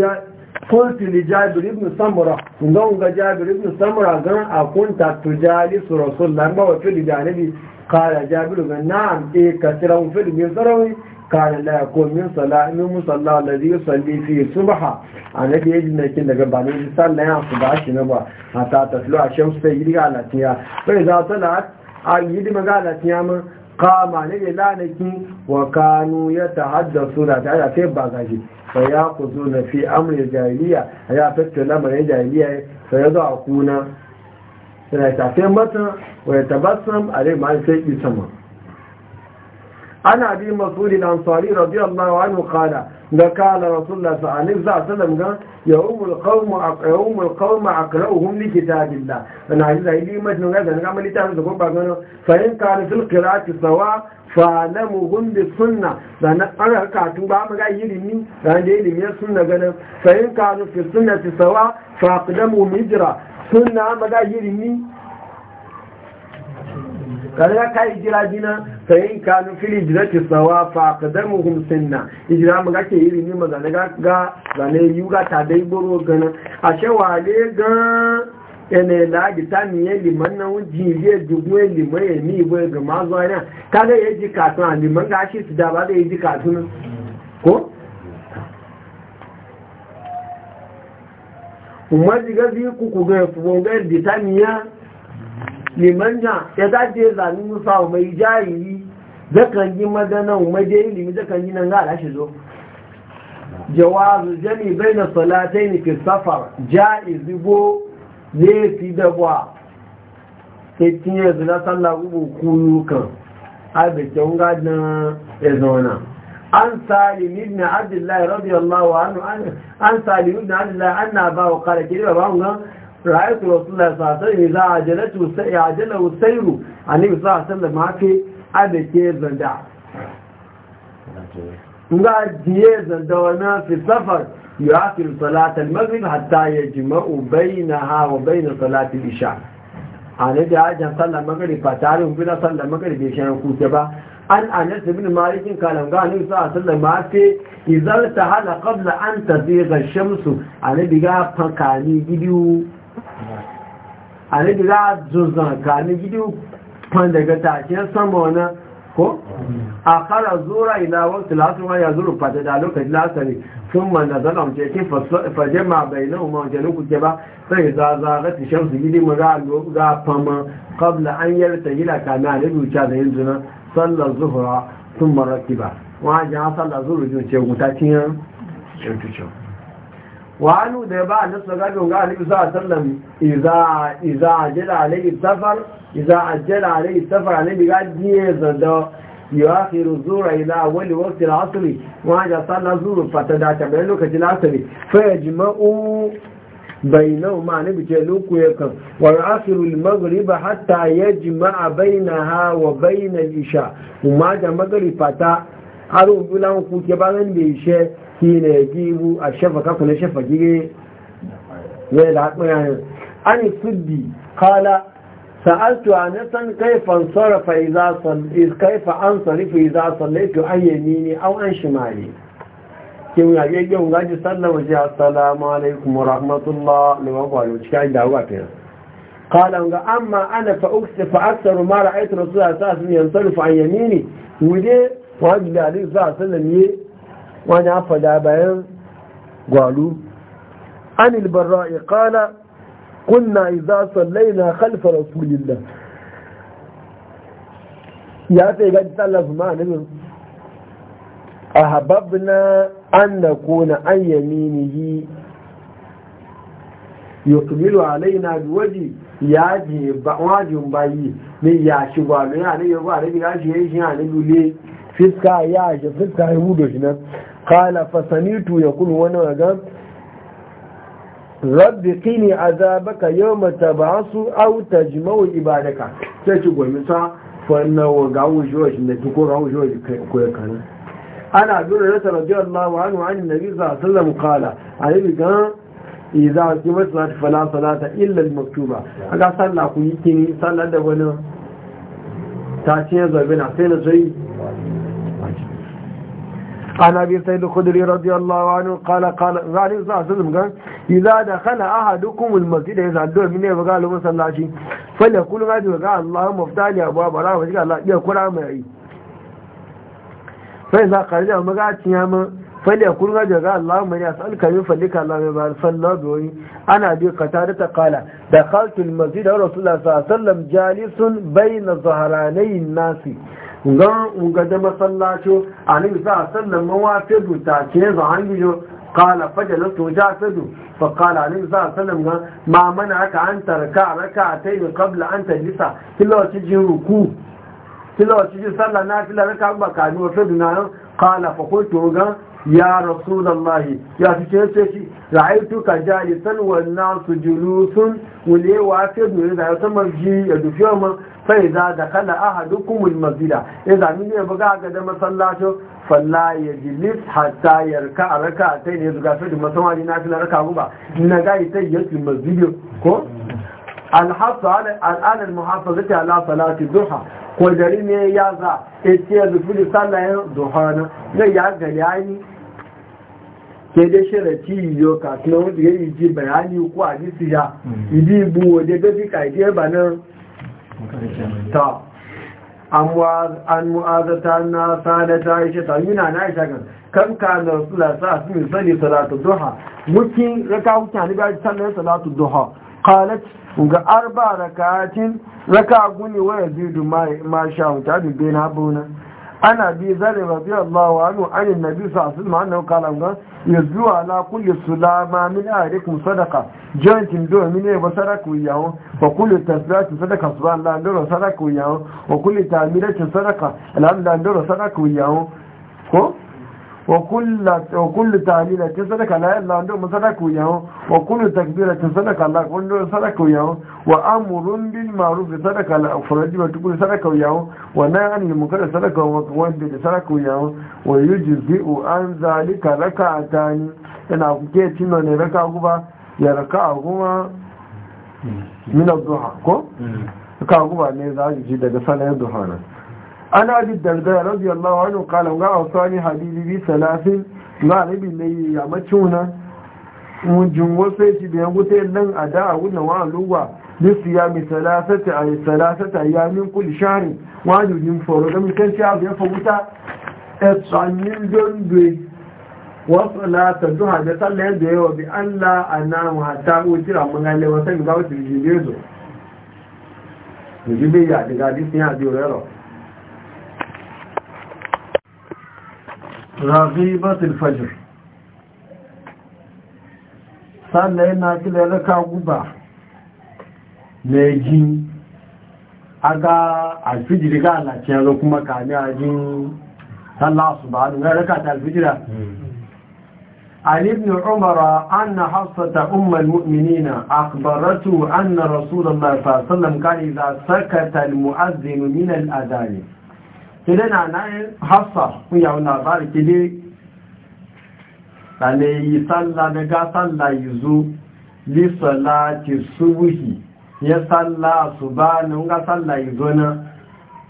قلت لجابر ga سمرة نقول جابر بن سمرة قال أكنت تجالس رسول الله ما ga na'am e kasiran min كان لا يكون من صلاة من مصلاة الذي يصلي فيه صبحا أنا بيجنا كنا قبل يصلي عن صباح شنبا حتى تطلع الشمس تجري على تنيا فإذا طلعت أيدي مقالة تيام قام عليه لعنك وكانوا يتحدثون على كيف بقاشي فيأخذون في أمر الجاهلية هيا فتح لما الجاهلية فيضعكونا فيتعفين متى ويتبسم عليه ما يسيء بسمه عن أبي مسعود الأنصاري رضي الله عنه قال قال رسول الله صلى الله عليه وسلم يوم القوم يوم القوم أقرأهم لكتاب الله أنا عايز لي مجنون هذا أنا عمال يتعمل زكوب بعدين فإن كان في القراءة سواء فعلمهم بالسنة لأن أنا كاتب بعمل أي لمن عندي لمن السنة قال فإن كانوا في السنة سواء فأقدمهم هجرة سنة ما قال لمن قال لك هاي جرا sayin kanu fili jirati tsawa fa kadamuhum sinna ijira mu gake iri ni ma zane ga zane yuga ta dai goro gana a shewa le ga ene la gita mi ye liman na wuji ye dubu ye liman ye ni bo ga ma zo ina kaga ye ji ka tun liman ga shi su da ba da ye ji ka tun ko umma diga bi ku ku ga fu ga ditaniya liman ja ya za ta yi zami musa wa mai jayiri zakan yi madanan maje ilimi zakan yi nan gara shi zo jawazu jami bai na salatai ne safar ja'i zibo zai da ba sai tinye zina sallah ubu kuyu kan albeke hunga na arizona an salim ibn abdullahi radiyallahu anhu an salim ibn abdullahi an na ba wa kare kiri ba ba ra'ayat rasulullah sallallahu alaihi wasallam idza ajalatu sa'ajala usayru annabi sallallahu alaihi wasallam mafi adake zanda da shan kuke ba an anas ibn malik kalam ga annabi sallallahu alaihi wasallam mafi idzal an tazigha ash-shamsu ana diga fakani gidiyu anabi za a zuzan ka gidi kwan daga tashiyar sama wani ko a kara zura ila wasu lasuwa ya zuru fata da lokaci lasari sun manda zana wuce ke faje ma bai na umar wajen kuke ba sai za za ga tishar su gidi lo ga fama kabla an yarta gida kami anabi wuce da yin zuna sallar zuhura sun maraki ba wajen sallar jin ce wuta cikin cikin wani da ya ba a nasa zafi wa ga'alibi za a sallam iza a jira a laifin safar iza a jira a laifin safar a laifin gaji ya zanda yi wa fi ruzura ila wani wasu lasuri wa ga fata da ta bayan lokacin lasuri fai ya jima'u bai nau ma ni bice luku ya kan wa ga asirul magriba hatta ya jima'a bai na ha bai na isha umar da magriba ta har ubulan ku ke ba ran bai she ki ne gibu a shafa ka kula shafa gire ne da hakun yana an suddi kala sa'altu anatan kayfa sarafa idza salli kayfa an sarifa idza sallaitu ayyamini aw an shi mali kin ya ge ga ungaji sallama ji assalamu alaikum wa rahmatullah ne wa ba lo cikin da wa ta قال أما أنا فأكثر ما رأيت رسول الله صلى الله عليه وسلم ينصرف عن يميني ودي wani da alaihi sa sallam ye wani afada bayan gwalu an ilbarra iqala kunna idza sallaina khalfa rasulillah ya sai ga sallah ma habab ahabbna an nakuna an yaminihi yukmilu alaina biwaji ya je ba wajin bayi ne ya shi gwalu ya ne ya gwalu ya shi ya shi ya ne lule fiska ya aisha fiska ya hudu shi nan kala fasanitu ya kulu wani waga rabbi kini azabaka yau mata ba su auta jimawar ibadaka sai ci gwamnati sa fannan ga wuce wa shi da tuko ga wuce wa shi koyar kanin ana dole rasa rabiyar lawa hannu an nabi sa sallam kala a yi bigan iza ki masu lati fala salata illa maktuba aka sallah ku yi kini sallah da wani ta ce zabi na sai na zai عن أبي سيد الخدري رضي الله عنه قال قال غالي صلى الله عليه وسلم قال إذا دخل أحدكم المسجد إذا الدور من وقال له صلى الله عليه فليقول غادي وقال اللهم افتح لي أبواب الله قال الله يقول عمري فإذا قال له مقعد ياما فليقول غادي وقال اللهم إني أسألك من فلك الله يبارك فالله بوي أنا أبي قتادة قال دخلت المسجد رسول الله صلى الله عليه وسلم جالس بين ظهراني الناس unga da masallaci a nan sa sallan mawafe ta ke za an gijo kala fajalar to ja sadu fa kala nan sa sallan ga ma mana ka an tarka raka ta kabla an tajlisa kilawaci jin ruku kilawaci jin sallan na kila raka ba ka ni wato dinan kala fa ko to ga ya rasulallahi ya fi ce ce shi ra'aitu ka jalisan wannan su julusun wulewa ta dole da ya samar ji ya dufi wa sai za da kala aha dukumul mazida ya zami ne buga ga da masallacin falla ya jilis hatta ya raka a raka ta ne zuga sai da masamari na fi raka guba na ga ita yake mazidin ko alhassu al'adar muhafazata ala salati duha ko dare ne ya za ya ce ya sallayen duha zai ya gari sai dai sharafi yiwu kafin wanda ya yi ji bayani ko a jisi ya idi ibu waje gafi kaidiyar ba nan ta an mu'azata na sadata yuna na aisha kan kan ka na sa su mai sani salatu duha mukin raka wuta ne ba salatu duha ga arba rakatin raka guni wa yazidu ma sha wuta dubbe na ana bi zare radiyallahu anhu an annabi sallallahu alaihi wasallam kalam ga yazu ala kulli sulama min arikum sadaqa jantin do min e basaraku yawo wa kulli tasbihatu sadaqa subhanallah ndoro sadaku yawo wa kulli ta'miratu sadaqa alhamdulillah ndoro sadaku yawo ko وكل تعليلة صدق لا إلا عندهم صدق وياه وكل تكبيرة صدق لا عندهم صدق وياه وأمر بالمعروف صدق لا فرج وتقول صدق وياه ونهى عن المنكر وقوان وانبد صدق وياه ويجزئ عن ذلك ركعتان إن أبكي تنوني ركع من يركع يركعهما من الضحى كو ركع ne za a ji daga ana bi darda radiyallahu anhu qala ga awsani habibi bi salasin ga nabi ne ya macuna mujun wasai ci biyan gute nan a da a wannan a luwa lisiya mi salasata ay salasata ayamin kulli shahri wa jujin foro da mutan ci abu ya faguta e tsanin donde wa salata duha da sallah da yawa bi Allah anamu hatta ujira mun galle wasan ga wata jibezo jibe ya daga disin ya biyo yaro raghibatul fajr na yana da ka guba ne jin aga alfijiri ga alaciyar kuma ka a jin sallah su ba da raka ta alfijira عن ابن عمر أن حفصة أم المؤمنين أخبرته أن رسول الله صلى الله عليه وسلم قال إذا سكت المؤذن من الأذان kìdẹ́ náà náà hafsa fún yàwó labari kìdẹ́ tàlẹ̀ yìí sálà na ga sálà yìí zo lísọ̀lá ti Ya yẹ su ba na ń ga yìí zo na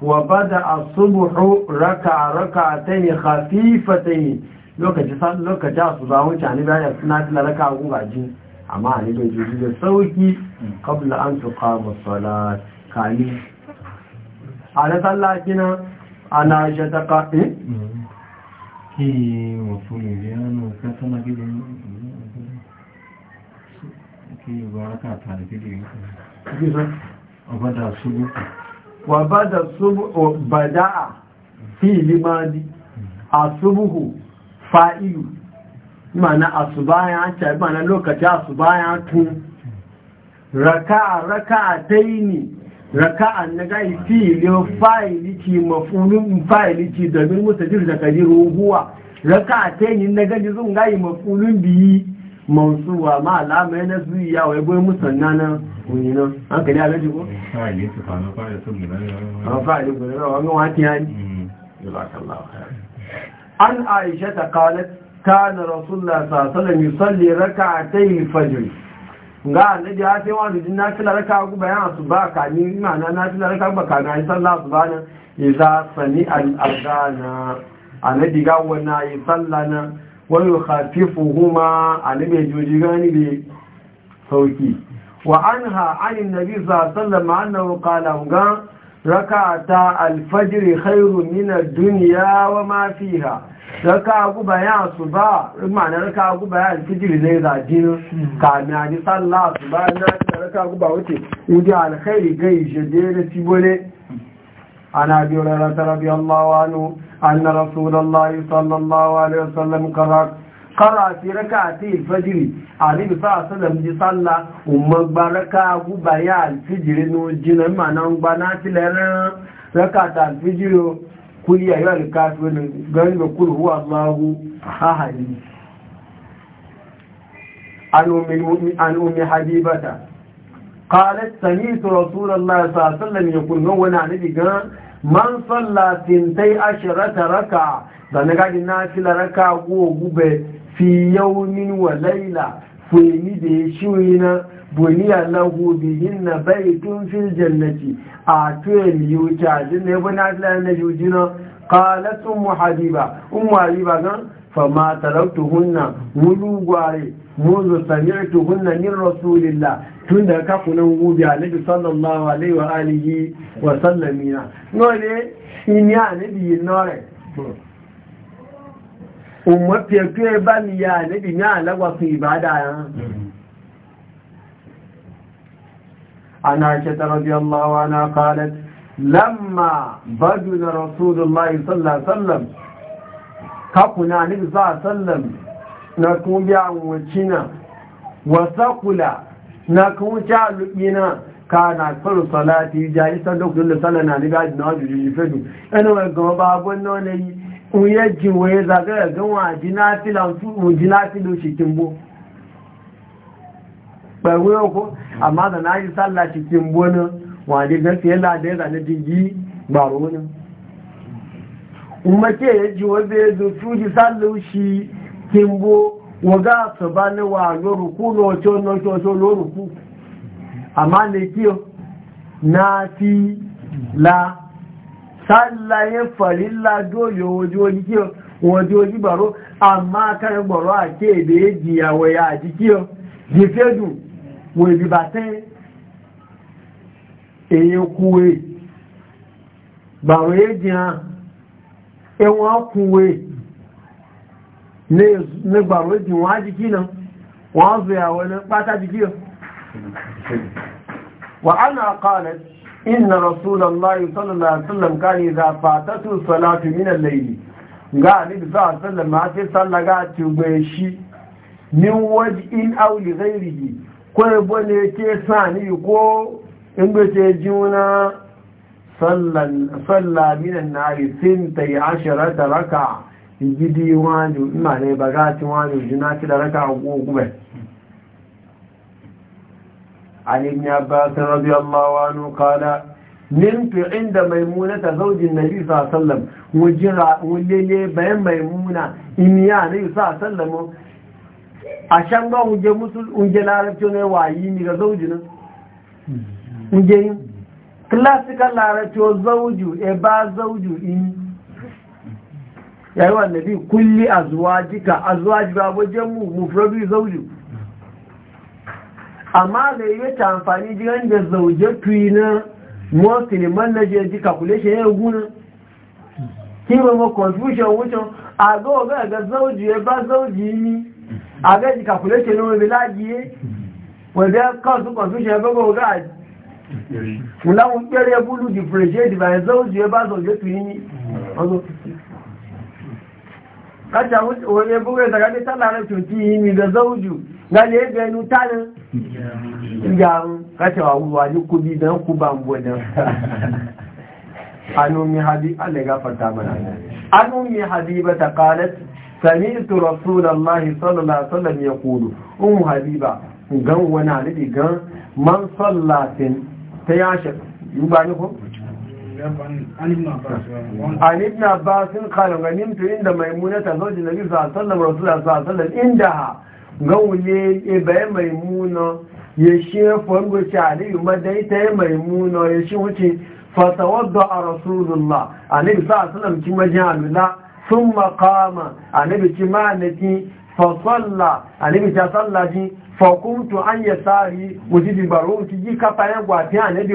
wà bá da àṣùbùhù raka raka tẹ́yì hafifa tẹ́yì lokaci wuce suna tila raka gúgaji amma a da sauki kabla an kani a da ana ṣe taka ẹ́ kí wọ́n fún ìrí ọ̀nà òfin sọ́nà gígbẹ̀ kí ìgbọ́ráka àtàrí gígbẹ̀ rí ọ̀bádà ṣubú wàbádà ṣubú Raka fi raka'an na gai fi filo fa'ili ki mafulun fa'ili ki da bin mutajir da kadiru huwa raka'a ta yi na gani zun gai mafulun biyi mansuwa ma alama yana zuwa wai bai musanna na wuni nan an kali a gaji ko? fa'ili su fa'ana fa'ili su gina yawa fa'ili gina yawa wani wani mm. an aisha ta kalat kana rasulullah sallallahu alaihi wasallam yusalli raka'atayil fajr ga annabi ya sai wani jin na fila raka ku bayan su ba ka ni imana na fila raka ba ka in sallah su ba iza idza sami al adana annabi ga wannan yi sallah na wa huma annabi joji gani bi sauki wa anha an annabi za sallama annahu qala ga raka'ata al fajr khairun min ad dunya wa ma fiha raka guba ya su ba ma'ana raka guba ya alfijir zai zaji kami a ji sallah su ba na ta raka guba wuce wuje alkhairi gai shade da tibole ana biyu rara ta rabi Allah wa nu an na rasulallah sallallahu alaihi wasallam karar kara fi raka a ta alfajiri a ribi sa sallam ji sallah umar ba raka guba ya alfijir no jinan ma'ana gba na filayen raka ta alfijiro kuli ya yawon kasuwanin ganin da kuli huwa allahu habibata ya sallallahu ya kunna wani anabi man raka da na gadi na fila raka gube fi yaunin wa laila da ya shi buniya lahu bihin na bai tun fil jannati a tuyen yuta jin ne bu na tilayen na yujina qalat ummu habiba ummu habiba gan fama talautuhunna mulu gware منذ سمعتهن من رسول الله tun da ka kunan gobe annabi sallallahu alaihi wa alihi wa sallamina no ne in ya annabi nore umma fiye ba ni ya annabi ya alagwa su ibada yan عن عائشة رضي الله عنها قالت لما بدل رسول الله صلى الله عليه وسلم كفنا نبي صلى الله عليه وسلم نكون بأموتنا وثقل نكون شعلنا كان أكثر صلاة جالسة دكتور صلى الله عليه وسلم أنا وقام بابنا ولي ويجي ويزاقر قوى جناتي لأنفسه وجناتي لو شكمبو ɓarwe ko amma da na yi sallah cikin wani wani gaske yana da ya zane jirgi ba wani ke ya ji wanda ya zo tuji sallah shi kimbo waga su ba ni wa na wato loruku wato loco ku. amma ne kiyo na fi la sallah ya farilla dole wani kiyo wajen wani baro amma kan gboro a ke da ya jiyawa ya ji kiyo jifedun wọ́n ibi bá tẹ́ èyàn kú wé gbàrọ̀ èjìyàn ẹwọ́n kú wé ní gbàrọ̀ èjìyàn wọ́n á jí kí náà wọ́n á zọ ìyàwó ẹni pátá jí kí ọ wà á náà kààlẹ̀ iná rasúlọ̀lọ́ ni wọ́n in aulé zai rìgì kwaye bane ke sani ko in ce juna salla minan nari sinta yi ashirar da raka gidi wani Ina ne ba za ci wani juna ci da raka a gugube Allah wa radiyallahu anhu kala fi inda maimuna ta zaujin na nabi sallallahu alaihi wasallam mujira ulele bayan maimuna in ya na sallallahu alaihi wasallam a shan ba unje musul unje larabci ne wayi ni ga zauji nan yi yin classical larabci o zauju e ba zauju in yayi wannan bi kulli azwajika azwajika wajen mu mufradu zauju amma da yi ta amfani jiran da zauje tuyi na man na je ji calculation ya guna kí gbogbo confusion wucin a zo ga ga zauji ya e ba zauji ni àgẹ́jì calculation ló rẹ̀ láyé wẹ̀bẹ́ kọ́ọ̀tù constitution ẹgbẹ́gbẹ́ ọgá ìláwọn pẹ́rẹ́ búlù differentiate by zones ba su sọ̀jọ́ tó yi ọdún kájà wọ́n yẹ búrẹ́ ìdàgbàdé tálàrẹ tó tí yí ní yi ni gálẹ̀ ẹgbẹ́ ẹnu ne ya gani kájà wà wúwà ní kó bí ìdán kú bá ń bọ̀ dán anú mi hadi alẹ́gá fata mana. anú mi hadi bata kálẹ́tì سمعت رسول الله صلى الله عليه وسلم يقول ام حبيبه غن وانا ونالدي غن من صلى تياشر يبانكم ان ابن عباس ان قال غنمت عند ميمونه تزوج النبي صلى الله عليه وسلم رسول الله صلى الله عليه وسلم عندها قن لي إبا ميمونة يشي فرقش عليه مديت ميمونة يشي وشي فتوضع رسول الله عليه الصلاة والسلام كما جعل الله sun makama a nabi ci ma na ji fasalla a nabi ci salla ji fakuntu an ya sari wuji dibaro ci ji kafa yan gwafi a nabi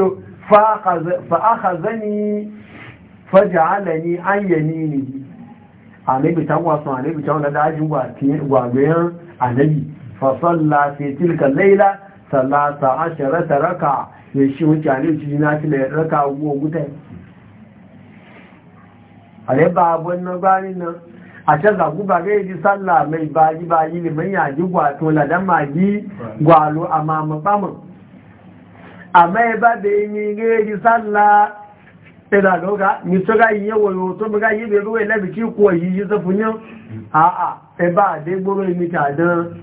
fa'aka zani faja'alani an yi ni a nabi ta wasan a nabi ta wanda dajin gwagayen a nabi fasalla fi tilka laila salata ashirata raka ya shi wuce a nabi ci ji na tilai raka gutai ale ba abun na bani nan a can zagu ba ga yi mai baji bayi ne mai yaji gwato ladan magi gwalo a mamafamin amma ya ba da yi ga yi sallah ina ga mi to ga yi yawo yo to yi ruwa labi ki ko yi yi zafunyo mm. a a ba de gboro mi ta dan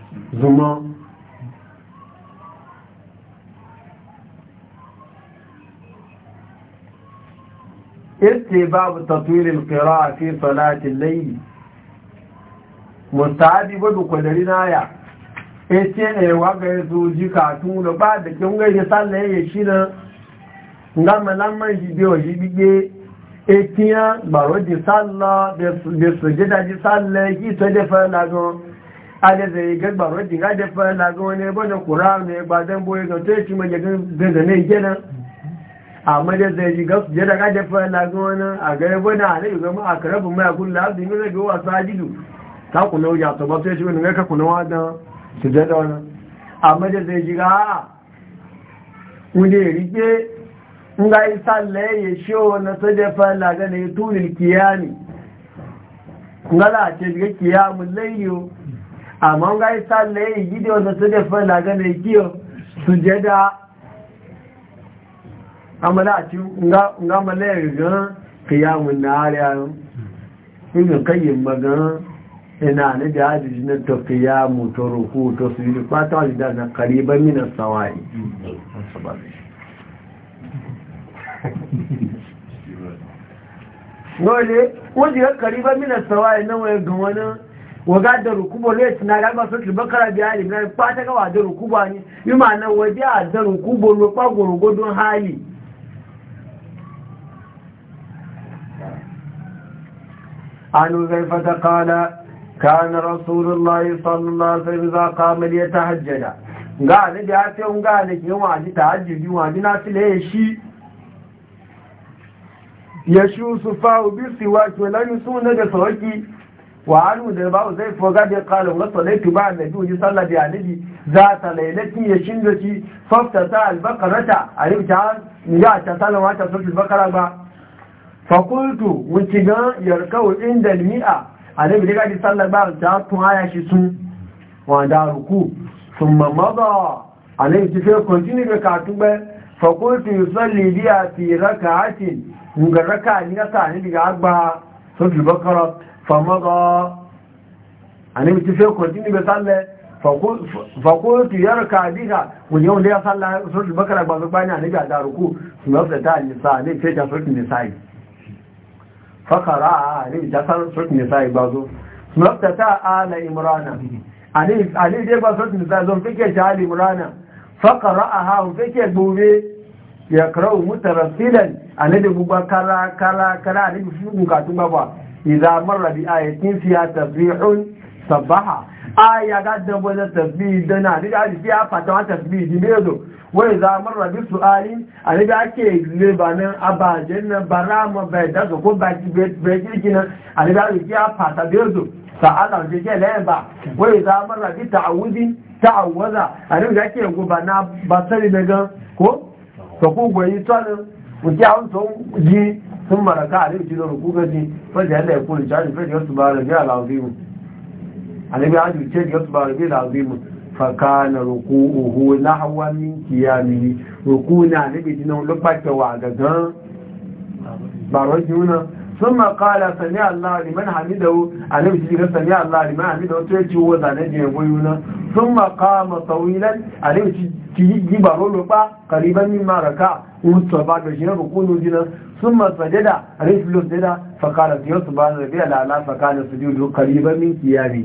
استباب تطويل القراءة في صلاة الليل مستعد بدو قدرين آية اتنى واقع زوجي كاتون بعد كم غير لأي يشينا ngama لما jibe o jibe etiyan baro di ale ga di ga ne bo no ne boye ga ti mo je amma da zai ji gasu je daga da fa na ga wani a ga a na ne ga mu akrabu ma biyu abdi min ga wa sajidu ta ku nau ya to ba sai shi ne ka ku wani. da su je da wannan amma da zai ji ga wunde rike nga isa laye sho na to da fa na ga ne tulil kiyami nga a ce shiga kiyamun layyo amma nga isa laye gidiyo na to da fa na ga ne kiyo sujada amala a ci nga malayar gan kiyamun na hariya ina kayin magan ina ne da hajji na ta kiyamu ta ruku ta su yi fata wajen da na kariban minan sawa'i dole wajen ya kariban minan sawa'i nan wajen gan wani waga da rukubo ne tana gaba sun tuba kara biya ne na fata gawa da rukuba ne yi ma nan waje a da rukubo ne kwagwaro gudun hali عن زيفة قال كان رسول الله صلى الله عليه وسلم إذا قام ليتهجد قال لي أتيهم قال لك يوم عجي تهجد يوم عجي نافل هيشي يشو صفاه بالسواك ولا يسون نجا سوكي وعن زيفة وزيفة وقال قال وصليت مع النبي صلى الله عليه وسلم ذات ليلة يشندك صفتة البقرة عليك عن نجاة تسالة وانت صلت البقرة بقى fakultu wuce gan yarkawo inda mi'a a da bi daga sallar bar da tun haya shi sun wanda ruku sun mamaba a da bi tafiya kontinu ga katubbe fakultu yi salli biya fi raka hatin ga raka ni ya sa ni daga agba sotul bakara famaba a da bi tafiya kontinu ga salle fakultu ya raka diga wani yau da ya sun sotul bakara ba su bani a da bi a da ruku sun mafita nisa ne feta sotul nisa'i fakara a ali ta san sort nisa'i ba zo mafta ta ala imrana ali ali dai ba sort nisa'i zo fike ta ali imrana fakara a ha fike gobe ya karau mutarasilan ali da guba kala kara kara ali fi fugu ka tuba ba idza marra bi ayatin fiya tasbihun sabaha aya ga dabbo da tasbih dana ni ga ji ya fata wa tasbih di mezo wai za marra bi a ne ga ke lebanin abajen na barama bai da ko ba ki bai a ne ga ji ya fata bezo sa'ala je ke layan ba wai za marra bi ta'awudi ta'awaza ne ga ke gubana ba sari daga ko to ku goyi tsanin ku an hun ji sun maraka a ne da rikin rukugaji fadda yadda ya kuri jari fadda ya su ba da ya lafi mu annabi an ce ga ba rabbi azim fa kana ruku'uhu nahwa min qiyamihi rukuna annabi dinan lubata wa gagan barajuna ثم قال سمع الله لمن حمده النبي جيغا سمع الله لمن حمده تيجي هو زانه جيبونا ثم قام طويلا النبي جيغي بارولو با قريبا مما ركع وصبا دجين ركوع جنا ثم سجد النبي سجد فقال يا سبحان ربي الاعلى فكان سجوده قريبا من قيامه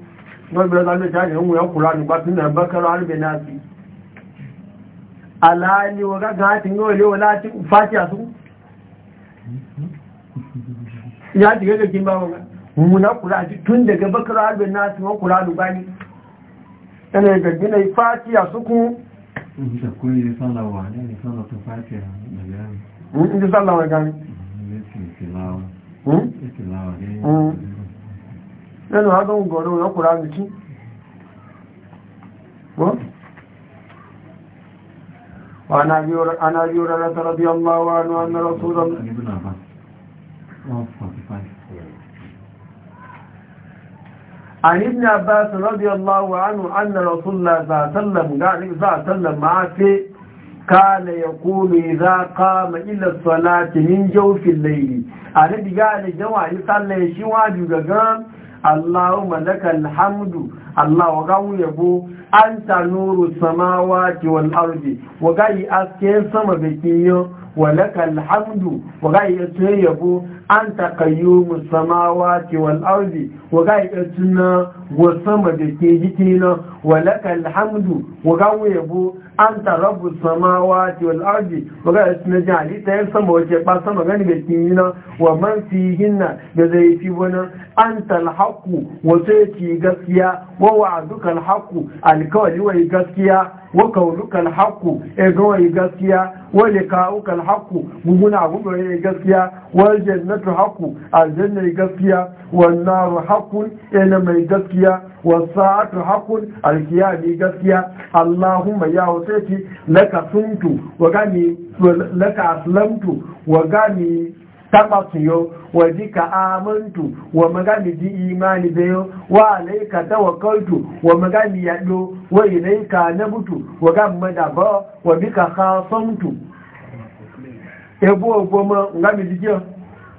gbọ́gbẹ̀rẹ̀ láti jáde ń wọ́n kùrá nípa tí nà bákẹ́rọ arìnbẹ̀ náà sí aláàlẹ́ gágá ti ń rọ̀ léwọ́ láti fàájì àtún ya ti gẹ́gẹ́ kí wọn kùrá daga nínú adọ́wọ̀n gọ̀ọ́rọ̀ ọkùnrin àmìkí wọ́n àrí orára tàbí bí ọmọ wa ní ọmọ ẹ̀rọ tó rọ̀ àyíká bá sọ̀rọ̀dí ọláwọ̀ ánù annára tó ya kó lè rá káàmà ilẹ̀ sọ̀lá ti a jẹ́ òfin lè yìí àríbi gáàlẹ̀ jẹ́wà àyíká lè اللهم لك الحمد الله وغاو يبو أنت نور السماوات والأرض وغاي أسكين سما بكيو ولك الحمد وغاي أسكين يبو أنت قيوم السماوات والأرض وغاي أسنا وسما بكيجتنا ولك الحمد وغاو يبو Anta rabu samawa ti wal ardi maga na yan sama wace ba sama gani da kin na wa man fi hinna da zai fi wani an ta alhaqu wato yake gaskiya wa wa'duka alhaqu alkawli wa gaskiya wa kauluka alhaqu e ga wa gaskiya wa liqa'uka alhaqu muguna gubo ne gaskiya wa jannatu haqu aljanna gaskiya wan naru haqun mai gaskiya wasa'atu hakun alkiyami gaskiya Allahumma ya husaiti laka suntu wa gani laka aslamtu wa gani tabatiyo wa jika amantu wa magani ji imani bayo wa alaika tawakkaltu wa magani yado wa nabutu wa wa bika khasamtu ebo ogoma ngami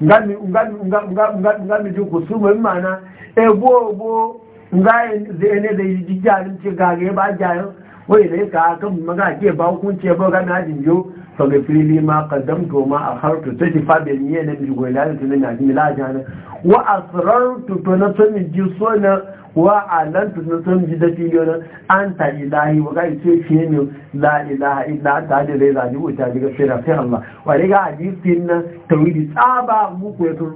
ngami ngami ngami ngami ngami ngami ngami ngami ngami ngami ngami ngami ngami ngami ngaye zai ne da yi jarin ce gage ba jayin wai ne ka aka maga ke ba hukunci ba ga na jinjo fa ga fili ma qaddamtu ma akhartu ta ti fa be ne ne bi go ila ne na la jana wa asrartu to na san ji so na wa alantu na san ji da fili na anta ilahi wa ga ce shi ne la ilaha illa anta da zai zaji wuta daga sirra sai Allah wa riga hadisin na tawidi tsaba mu ko yato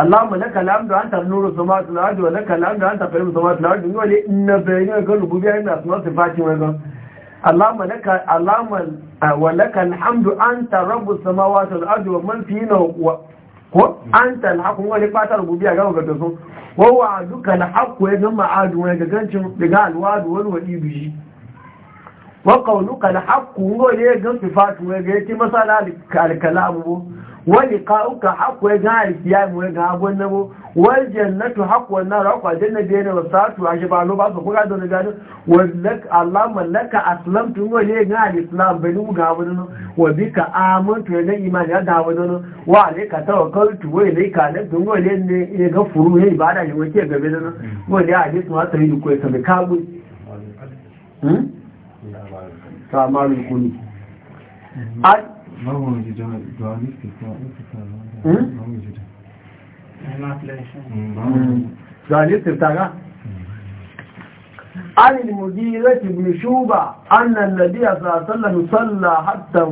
اللهم لك الحمد أنت نور السماوات والأرض ولك الحمد أنت فهم السماوات والأرض ولي إن بينك الربوبية من أسماء صفات وغيرها اللهم لك اللهم ولك الحمد أنت رب السماوات والأرض ومن فينا ko an talhakun wani fatar rububiya gama ga taso wawa duka na hakku ya gama adu daga alwadu wani wadi biji wa kaunuka na hakku wani ya gan sifatu wani ga yake masana alkalamu wani ka'uka haku ya gan alkiya mu ya gan abuwan nabo wani jannatu haku wani nara haku a janna da yana wasa tu a shi ba lo ba su kuka da wani gani wani Allah mallaka aslam tun wani ya gan al'islam bai nugu ga abu nanu wa bi ka amintu ya gan imani ya ga abu nanu wa ale ka tawa kawutu wai ne ka nan tun wani ne ya ga furu ya ibada ya wake gabe nanu wani ya hadisu ma sai duk ya sami kabu kamarin kuni ga عن المديرة بن شوبة أن النبي صلى الله عليه وسلم صلى حتى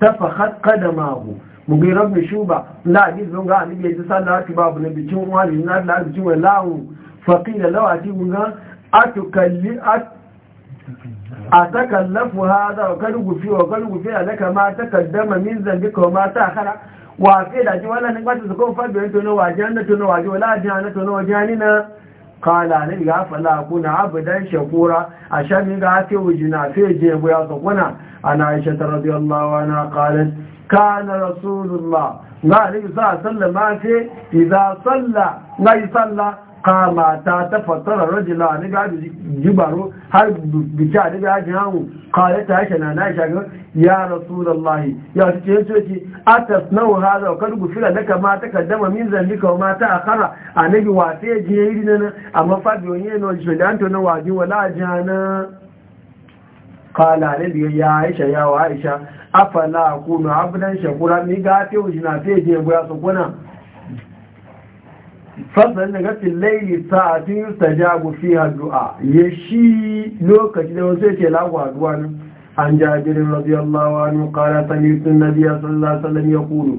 تفخت قدماه مغيرة بن شوبة لا عجيز لنغا عن يجي صلى كباب نبي شوما لنار لا عجيز لنغا فقيل لو عجيز لنغا أتكلم a takallafu hada wa kalgufi wa kalgufi a laka ma takaddama min zambi ka ma ta kara wa fi da ji wannan ne kwata su ko fabi wani tono waje an tono waje wala ajiya an tono waje ni na kala ne ga fala kuna abudan shakura a shami ga fi wujina fi je bu ya tsakuna ana aisha ta radiyallahu anha qalat kana rasulullah ga ne sa sallama fi idza salla ga salla kama ta ta fatara rajula ni ga jibaro har bica ni ga jahu kare ta yake na na shaga ya rasulullah ya ce yace ce atasnau hada kad gufira laka ma takaddama min zalika wa a ta'akhara annabi wa sai ya yi nan amma fadi wani no da to na waji wala jana kala ne biyo ya aisha ya wa aisha afala kunu abdan shakura ni ga te wajina te je goya su kuna fasalin daga filayi sa'atin yustajabu fiha du'a ya shi lokaci da wasu yake lagwa du'a nan an jabirin radiyallahu anhu qala sami'tu an-nabiyya sallallahu alaihi wasallam yaqulu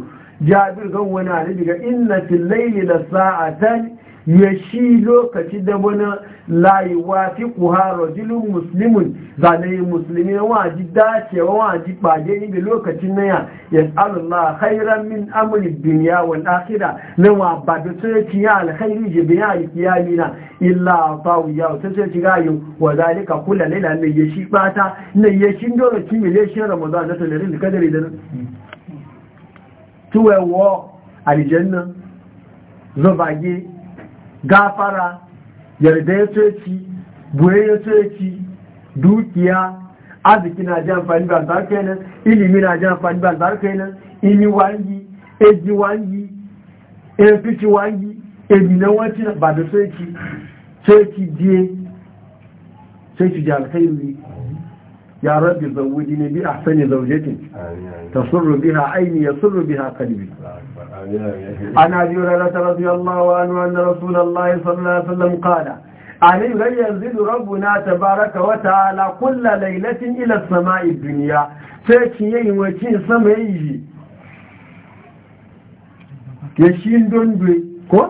jabir gan wani ne daga inna filayi la sa'atan ya shi lokaci da wani layuwa fi kuha rajulun musulmin zanayin musulmi na waji dacewa waji ɓage ni da lokacin naya ya tsarin la hairan min amurin duniya wa ɗakira na wa ba da sarki ya alhairi ji biya a kiyami na illa ta wuya wata sarki gayin wa zalika kula laila mai ya shi ɓata na ya shi dole kimilishin ramadan na talarin da kadari da nan tuwewa aljanna zobage gafara yarda ya soci buye ya soci dukiya arziki na ji amfani ba albarka yana ilimi na ji amfani ba albarka yana ini wangi eji wangi efici wangi eminan wanci ba da soci soci diye soci ji alkhairu ne ya rabbi zawudi ne bi ahsani zawjatin tasurru biha aini yasurru biha qalbi عن أبي هريرة رضي الله عنه أن رسول الله صلى الله عليه وسلم قال عليه لا ينزل ربنا تبارك وتعالى كل ليلة إلى السماء الدنيا فكي وكي سمعيه يشين دندوي كو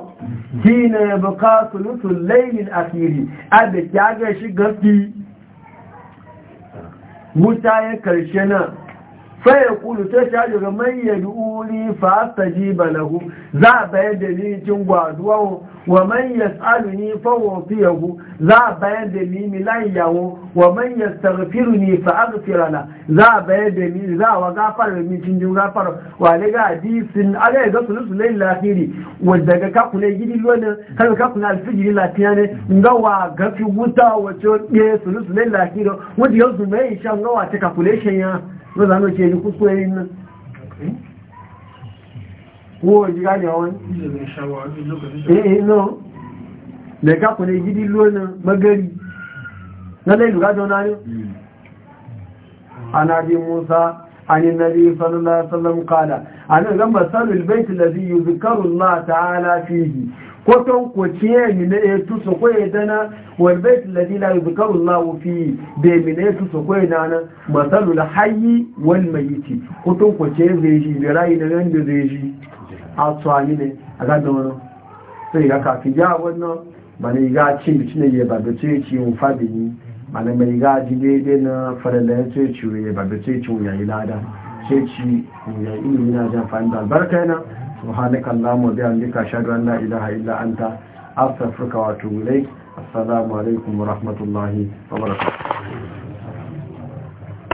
حين يبقى ثلث الليل الأخير أبك يا شي غفي متى يكرشنا fayakulu sai ta daga manyan uri fa'asta ji balahu za a bayan da ni cin gwaduwa wa manyan tsalu ni fawon fiyahu za a bayan da ni milan wa wa manyan tarfiru ni fa'ar firana za a bayan da ni za a wa gafar da mitin jin gafar wa ne ga hadisin ala ya gasu lusu lai lafiri wadda ga kakule gidi lonin kan kakule alfijiri lafiya ne nga wa gafi wuta wacce ɗaya su lusu lai lafiri wadda yanzu mai shan gawa ta kakule shan ya ló sá ne ṣe ní kúkú ẹ̀rí náà wó ìjìká ní ọwọ́n èé náà lẹ́ka kò lè gidi lónà mọ́gẹ́rì lọ́lẹ́ ìlúgájọ́ náà ní anábi musa عن النبي صلى الله عليه وسلم قال أنا لما صلوا البيت الذي يذكر الله تعالى فيه kwatan kwaciye mi na ya tu su kwaye dana walbait ladi la yuzkaru Allah fi be mi na tu su kwaye dana masalul hayyi wal mayiti kwatan kwaciye zai ji da rayi na nan da ji a tsani ne a ga da wannan sai ga kafin ja wannan ba ne ga cin bici ne ya babu ce ci mu fadi ni ba ne mai ga ji daidai na farallan ci ci lada ce ci mu na da na. subhanaka allahumma bihamdika ashhadu an la ilaha illa anta astaghfiruka wa atubu ilayk assalamu alaikum wa rahmatullahi wa barakatuh